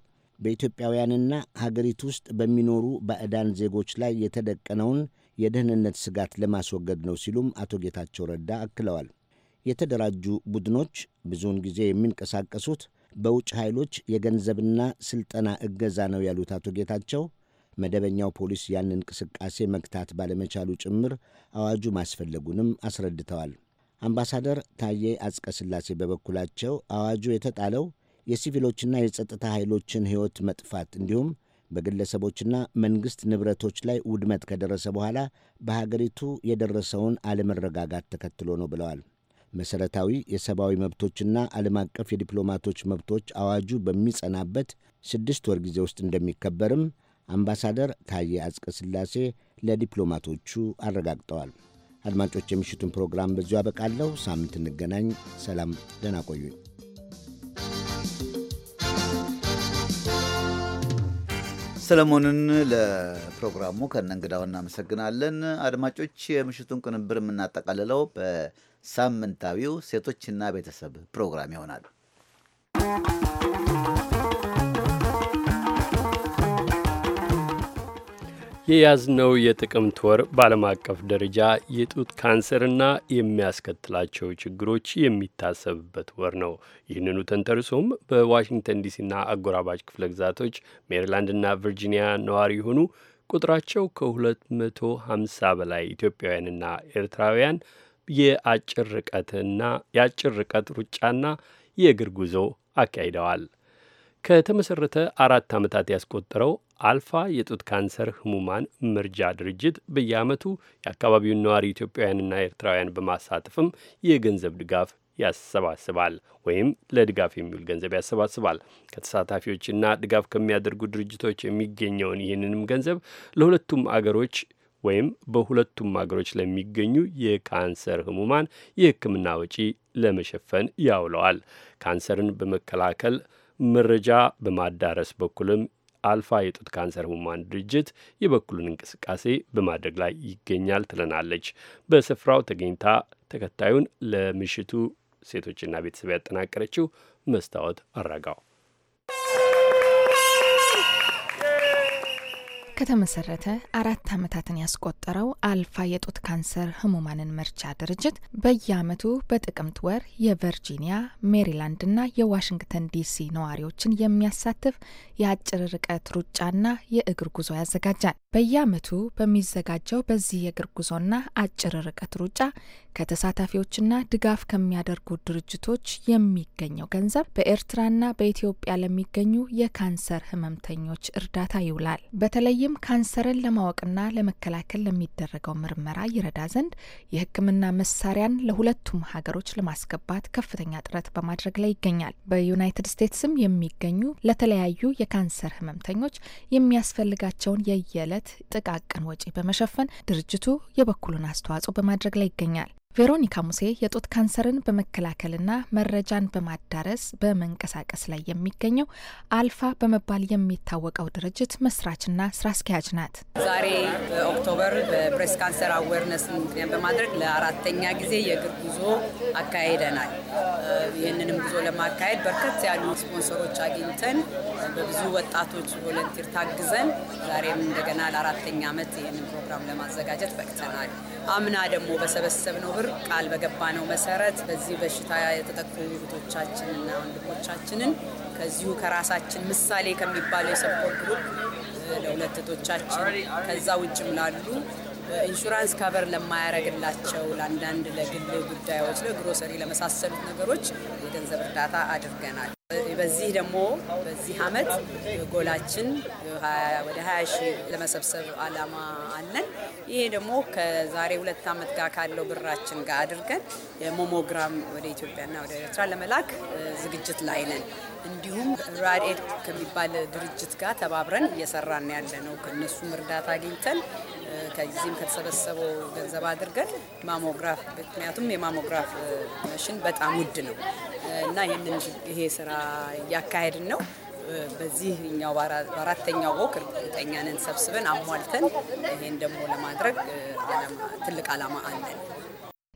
S14: በኢትዮጵያውያንና ሀገሪቱ ውስጥ በሚኖሩ ባዕዳን ዜጎች ላይ የተደቀነውን የደህንነት ስጋት ለማስወገድ ነው ሲሉም አቶ ጌታቸው ረዳ አክለዋል። የተደራጁ ቡድኖች ብዙውን ጊዜ የሚንቀሳቀሱት በውጭ ኃይሎች የገንዘብና ስልጠና እገዛ ነው ያሉት አቶ ጌታቸው መደበኛው ፖሊስ ያን እንቅስቃሴ መግታት ባለመቻሉ ጭምር አዋጁ ማስፈለጉንም አስረድተዋል። አምባሳደር ታዬ አጽቀ ሥላሴ በበኩላቸው አዋጁ የተጣለው የሲቪሎችና የጸጥታ ኃይሎችን ሕይወት መጥፋት እንዲሁም በግለሰቦችና መንግሥት ንብረቶች ላይ ውድመት ከደረሰ በኋላ በሀገሪቱ የደረሰውን አለመረጋጋት ተከትሎ ነው ብለዋል። መሠረታዊ የሰብአዊ መብቶችና ዓለም አቀፍ የዲፕሎማቶች መብቶች አዋጁ በሚጸናበት ስድስት ወር ጊዜ ውስጥ እንደሚከበርም አምባሳደር ታዬ አጽቀ ሥላሴ ለዲፕሎማቶቹ አረጋግጠዋል። አድማጮች፣ የምሽቱን ፕሮግራም በዚሁ አበቃለሁ። ሳምንት እንገናኝ። ሰላም፣ ደህና ቆዩኝ።
S3: ሰለሞንን ለፕሮግራሙ ከነ እንግዳው እናመሰግናለን። አድማጮች፣ የምሽቱን ቅንብር የምናጠቃልለው በሳምንታዊው ሴቶችና ቤተሰብ ፕሮግራም ይሆናል።
S1: የያዝነው የጥቅምት ወር በዓለም አቀፍ ደረጃ የጡት ካንሰርና የሚያስከትላቸው ችግሮች የሚታሰብበት ወር ነው። ይህንኑ ተንተርሶም በዋሽንግተን ዲሲና አጎራባች ክፍለ ግዛቶች ሜሪላንድና ቨርጂኒያ ነዋሪ የሆኑ ቁጥራቸው ከ250 በላይ ኢትዮጵያውያንና ኤርትራውያን የአጭር ርቀትና የአጭር ርቀት ሩጫና የእግር ጉዞ አካሂደዋል። ከተመሠረተ አራት ዓመታት ያስቆጠረው አልፋ የጡት ካንሰር ህሙማን መርጃ ድርጅት በየዓመቱ የአካባቢውን ነዋሪ ኢትዮጵያውያንና ኤርትራውያን በማሳተፍም የገንዘብ ድጋፍ ያሰባስባል ወይም ለድጋፍ የሚውል ገንዘብ ያሰባስባል። ከተሳታፊዎችና ድጋፍ ከሚያደርጉ ድርጅቶች የሚገኘውን ይህንንም ገንዘብ ለሁለቱም አገሮች ወይም በሁለቱም አገሮች ለሚገኙ የካንሰር ህሙማን የህክምና ወጪ ለመሸፈን ያውለዋል። ካንሰርን በመከላከል መረጃ በማዳረስ በኩልም አልፋ የጡት ካንሰር ህሙማን ድርጅት የበኩሉን እንቅስቃሴ በማድረግ ላይ ይገኛል ትለናለች። በስፍራው ተገኝታ ተከታዩን ለምሽቱ ሴቶችና ቤተሰብ ያጠናቀረችው መስታወት አረጋው
S15: ከተመሰረተ አራት ዓመታትን ያስቆጠረው አልፋ የጡት ካንሰር ህሙማንን መርቻ ድርጅት በየዓመቱ በጥቅምት ወር የቨርጂኒያ፣ ሜሪላንድ እና የዋሽንግተን ዲሲ ነዋሪዎችን የሚያሳትፍ የአጭር ርቀት ሩጫና የእግር ጉዞ ያዘጋጃል። በየዓመቱ በሚዘጋጀው በዚህ የእግር ጉዞና አጭር ርቀት ሩጫ ከተሳታፊዎችና ድጋፍ ከሚያደርጉ ድርጅቶች የሚገኘው ገንዘብ በኤርትራና በኢትዮጵያ ለሚገኙ የካንሰር ህመምተኞች እርዳታ ይውላል። በተለይም በተለይም ካንሰርን ለማወቅና ለመከላከል ለሚደረገው ምርመራ ይረዳ ዘንድ የሕክምና መሳሪያን ለሁለቱም ሀገሮች ለማስገባት ከፍተኛ ጥረት በማድረግ ላይ ይገኛል። በዩናይትድ ስቴትስም የሚገኙ ለተለያዩ የካንሰር ህመምተኞች የሚያስፈልጋቸውን የየዕለት ጥቃቅን ወጪ በመሸፈን ድርጅቱ የበኩሉን አስተዋጽኦ በማድረግ ላይ ይገኛል። ቬሮኒካ ሙሴ የጡት ካንሰርን በመከላከልና መረጃን በማዳረስ በመንቀሳቀስ ላይ የሚገኘው አልፋ በመባል የሚታወቀው ድርጅት መስራችና ስራ አስኪያጅ ናት።
S16: ዛሬ በኦክቶበር በፕሬስ ካንሰር አዌርነስ ምክንያት በማድረግ ለአራተኛ ጊዜ የእግር ጉዞ አካሄደናል። ይህንንም ጉዞ ለማካሄድ በርከት ያሉ ስፖንሰሮች አግኝተን በብዙ ወጣቶች ቮለንቲር ታግዘን ዛሬም እንደገና ለአራተኛ ዓመት ይህንን ፕሮግራም ለማዘጋጀት በቅተናል። አምና ደግሞ ነው ብር ቃል በገባ ነው መሰረት በዚህ በሽታ የተጠቁ እህቶቻችንና ወንድሞቻችንን ከዚሁ ከራሳችን ምሳሌ ከሚባለው የሰፖርት ግሩፕ ለሁለት እህቶቻችን ከዛ ውጭም ላሉ ኢንሹራንስ ካቨር ለማያረግላቸው ለአንዳንድ ለግል ጉዳዮች፣ ለግሮሰሪ ለመሳሰሉት ነገሮች የገንዘብ እርዳታ አድርገናል። በዚህ ደግሞ በዚህ አመት ጎላችን ወደ 20 ሺህ ለመሰብሰብ አላማ አለን። ይሄ ደግሞ ከዛሬ ሁለት አመት ጋር ካለው ብራችን ጋር አድርገን የሞሞግራም ወደ ኢትዮጵያና ወደ ኤርትራ ለመላክ ዝግጅት ላይ ነን። እንዲሁም ራድኤድ ከሚባል ድርጅት ጋር ተባብረን እየሰራን ያለ ነው። ከነሱም እርዳታ አግኝተን ከዚህም ከተሰበሰበው ገንዘብ አድርገን ማሞግራፍ፣ ምክንያቱም የማሞግራፍ መሽን በጣም ውድ ነው እና ይህንን ይሄ ስራ እያካሄድን ነው። በዚህኛው በአራተኛው ወቅ እርግጠኛንን ሰብስበን አሟልተን ይሄን ደግሞ ለማድረግ ትልቅ ዓላማ አለን።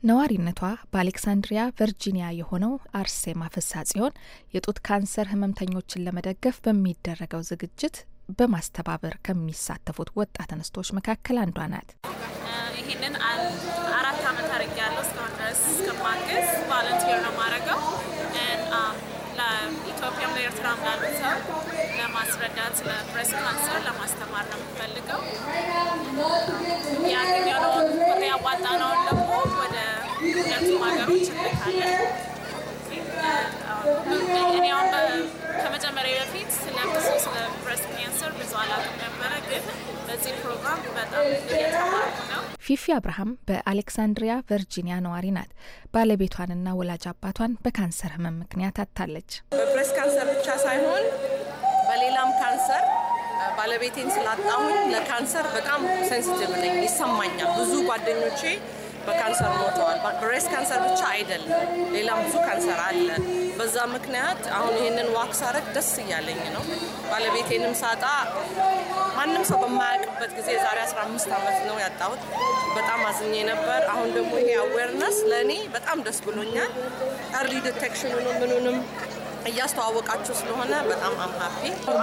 S15: ነዋሪነቷ በአሌክሳንድሪያ ቨርጂኒያ የሆነው አርሴማ ፍሳ ጽዮን የጡት ካንሰር ህመምተኞችን ለመደገፍ በሚደረገው ዝግጅት በማስተባበር ከሚሳተፉት ወጣት አንስቶች መካከል አንዷ ናት።
S17: ይህንን አራት አመት አድርጌ ያለው እስካሁን ድረስ እስከማገዝ ቫለንቲር ነው ማድረገው um, ለኢትዮጵያም ለኤርትራም ላሉ ሰው ለማስረዳት ስለ ካንሰር ለማስተማር ነው የምፈልገው። ያገኘነውን ያዋጣነውን ደግሞ ወደ ሁለቱም ሀገሮች እንልካለን። ከመጀመሪያ በፊት ስለምሱ ስለ ብረስት ካንሰር ብዙ አላውቅም ነበረ፣ ግን በዚህ ፕሮግራም በጣም እየተማርኩ
S15: ነው። ፊፊ አብርሃም በአሌክሳንድሪያ ቨርጂኒያ ነዋሪ ናት። ባለቤቷንና ወላጅ አባቷን በካንሰር ህመም ምክንያት አታለች።
S17: በብረስ ካንሰር ብቻ ሳይሆን በሌላም ካንሰር ባለቤቴን ስላጣሁኝ ለካንሰር በጣም ሴንስቲቭ ነኝ፣ ይሰማኛል። ብዙ ጓደኞቼ በካንሰር ሞተዋል። ብሬስ ካንሰር ብቻ አይደለም፣ ሌላም ብዙ ካንሰር አለ። በዛ ምክንያት አሁን ይህንን ዋክ ሳረግ ደስ እያለኝ ነው። ባለቤቴንም ሳጣ ማንም ሰው በማያውቅበት ጊዜ የዛሬ 15 ዓመት ነው ያጣሁት። በጣም አዝኜ ነበር። አሁን ደግሞ ይሄ አዌርነስ ለእኔ በጣም ደስ ብሎኛል። አርሊ ዲቴክሽኑንም ምኑንም እያስተዋወቃችሁ ስለሆነ በጣም አም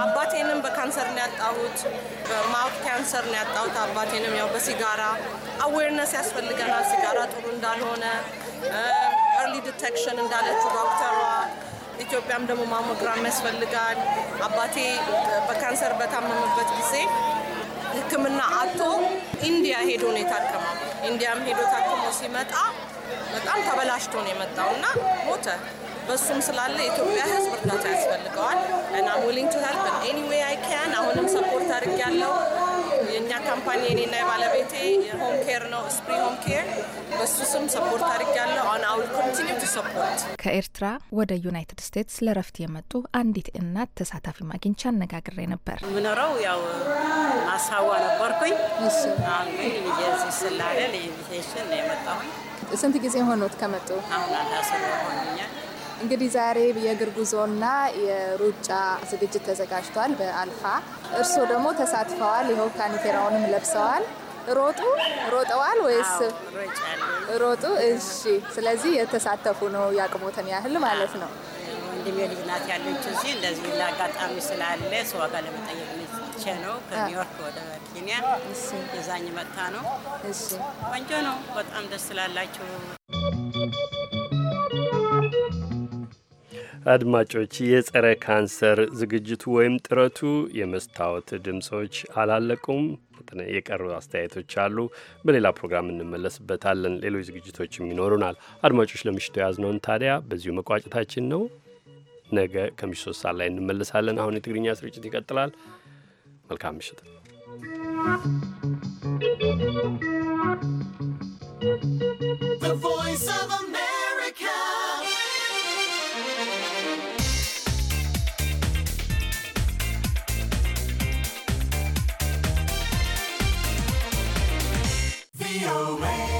S17: አባቴንም በካንሰር ነው ያጣሁት፣ በማውት ካንሰር ነው ያጣሁት። አባቴንም ያው በሲጋራ አዌርነስ ያስፈልገናል፣ ሲጋራ ጥሩ እንዳልሆነ ኤርሊ ዲቴክሽን እንዳለችው ዶክተሯ ኢትዮጵያም ደግሞ ማሞግራም ያስፈልጋል። አባቴ በካንሰር በታመመበት ጊዜ ሕክምና አቶ ኢንዲያ ሄዶ ነው የታከመው። ኢንዲያም ሄዶ ታክሞ ሲመጣ በጣም ተበላሽቶ ነው የመጣው እና ሞተ። በሱም ስላለ የኢትዮጵያ ህዝብ እርዳታ ያስፈልገዋል እና ዊሊንግ ቱ ሄልፕ ኤኒ ዌይ አይ ካን። አሁንም ሰፖርት አድርግ ያለው የእኛ ካምፓኒ የኔና የባለቤቴ ሆም ኬር ነው፣ ስፕሪ ሆም ኬር። በሱ ስም
S15: ሰፖርት አድርግ ያለው አሁን አውል ኮንቲኒ ቱ ሰፖርት። ከኤርትራ ወደ ዩናይትድ ስቴትስ ለረፍት የመጡ አንዲት እናት ተሳታፊ ማግኝቻ አነጋግሬ ነበር።
S16: ምኖረው ያው ማሳዋ ነበርኩኝ። አሁን ግን ስላለ ለኢንቪቴሽን ነው የመጣሁኝ።
S15: ስንት ጊዜ ሆኖት ከመጡ?
S16: አሁን አንድ አስር ሆኖኛል።
S15: እንግዲህ ዛሬ የእግር ጉዞና የሩጫ ዝግጅት ተዘጋጅቷል በአልፋ። እርስዎ ደግሞ ተሳትፈዋል። ይኸው ካኒቴራውንም ለብሰዋል። ሮጡ ሮጠዋል ወይስ ሮጡ? እሺ። ስለዚህ የተሳተፉ ነው ያቅሞትን ያህል ማለት ነው።
S16: ወንድሜ ልጅ ናት ያለችው እዚህ እንደዚህ ለአጋጣሚ ስላለ ሰው ጋር ለመጠየቅ ቼ ነው ከኒውዮርክ ወደ ኬንያ የዛኝ መጥታ ነው። ቆንጆ ነው። በጣም ደስ ስላላቸው
S1: አድማጮች የጸረ ካንሰር ዝግጅቱ ወይም ጥረቱ የመስታወት ድምፆች አላለቁም። የቀሩ አስተያየቶች አሉ። በሌላ ፕሮግራም እንመለስበታለን። ሌሎች ዝግጅቶችም ይኖሩናል። አድማጮች ለምሽቱ የያዝነውን ታዲያ በዚሁ መቋጨታችን ነው። ነገ ከምሽቱ ሶስት ሰዓት ላይ እንመለሳለን። አሁን የትግርኛ ስርጭት ይቀጥላል። መልካም ምሽት።
S8: VOA.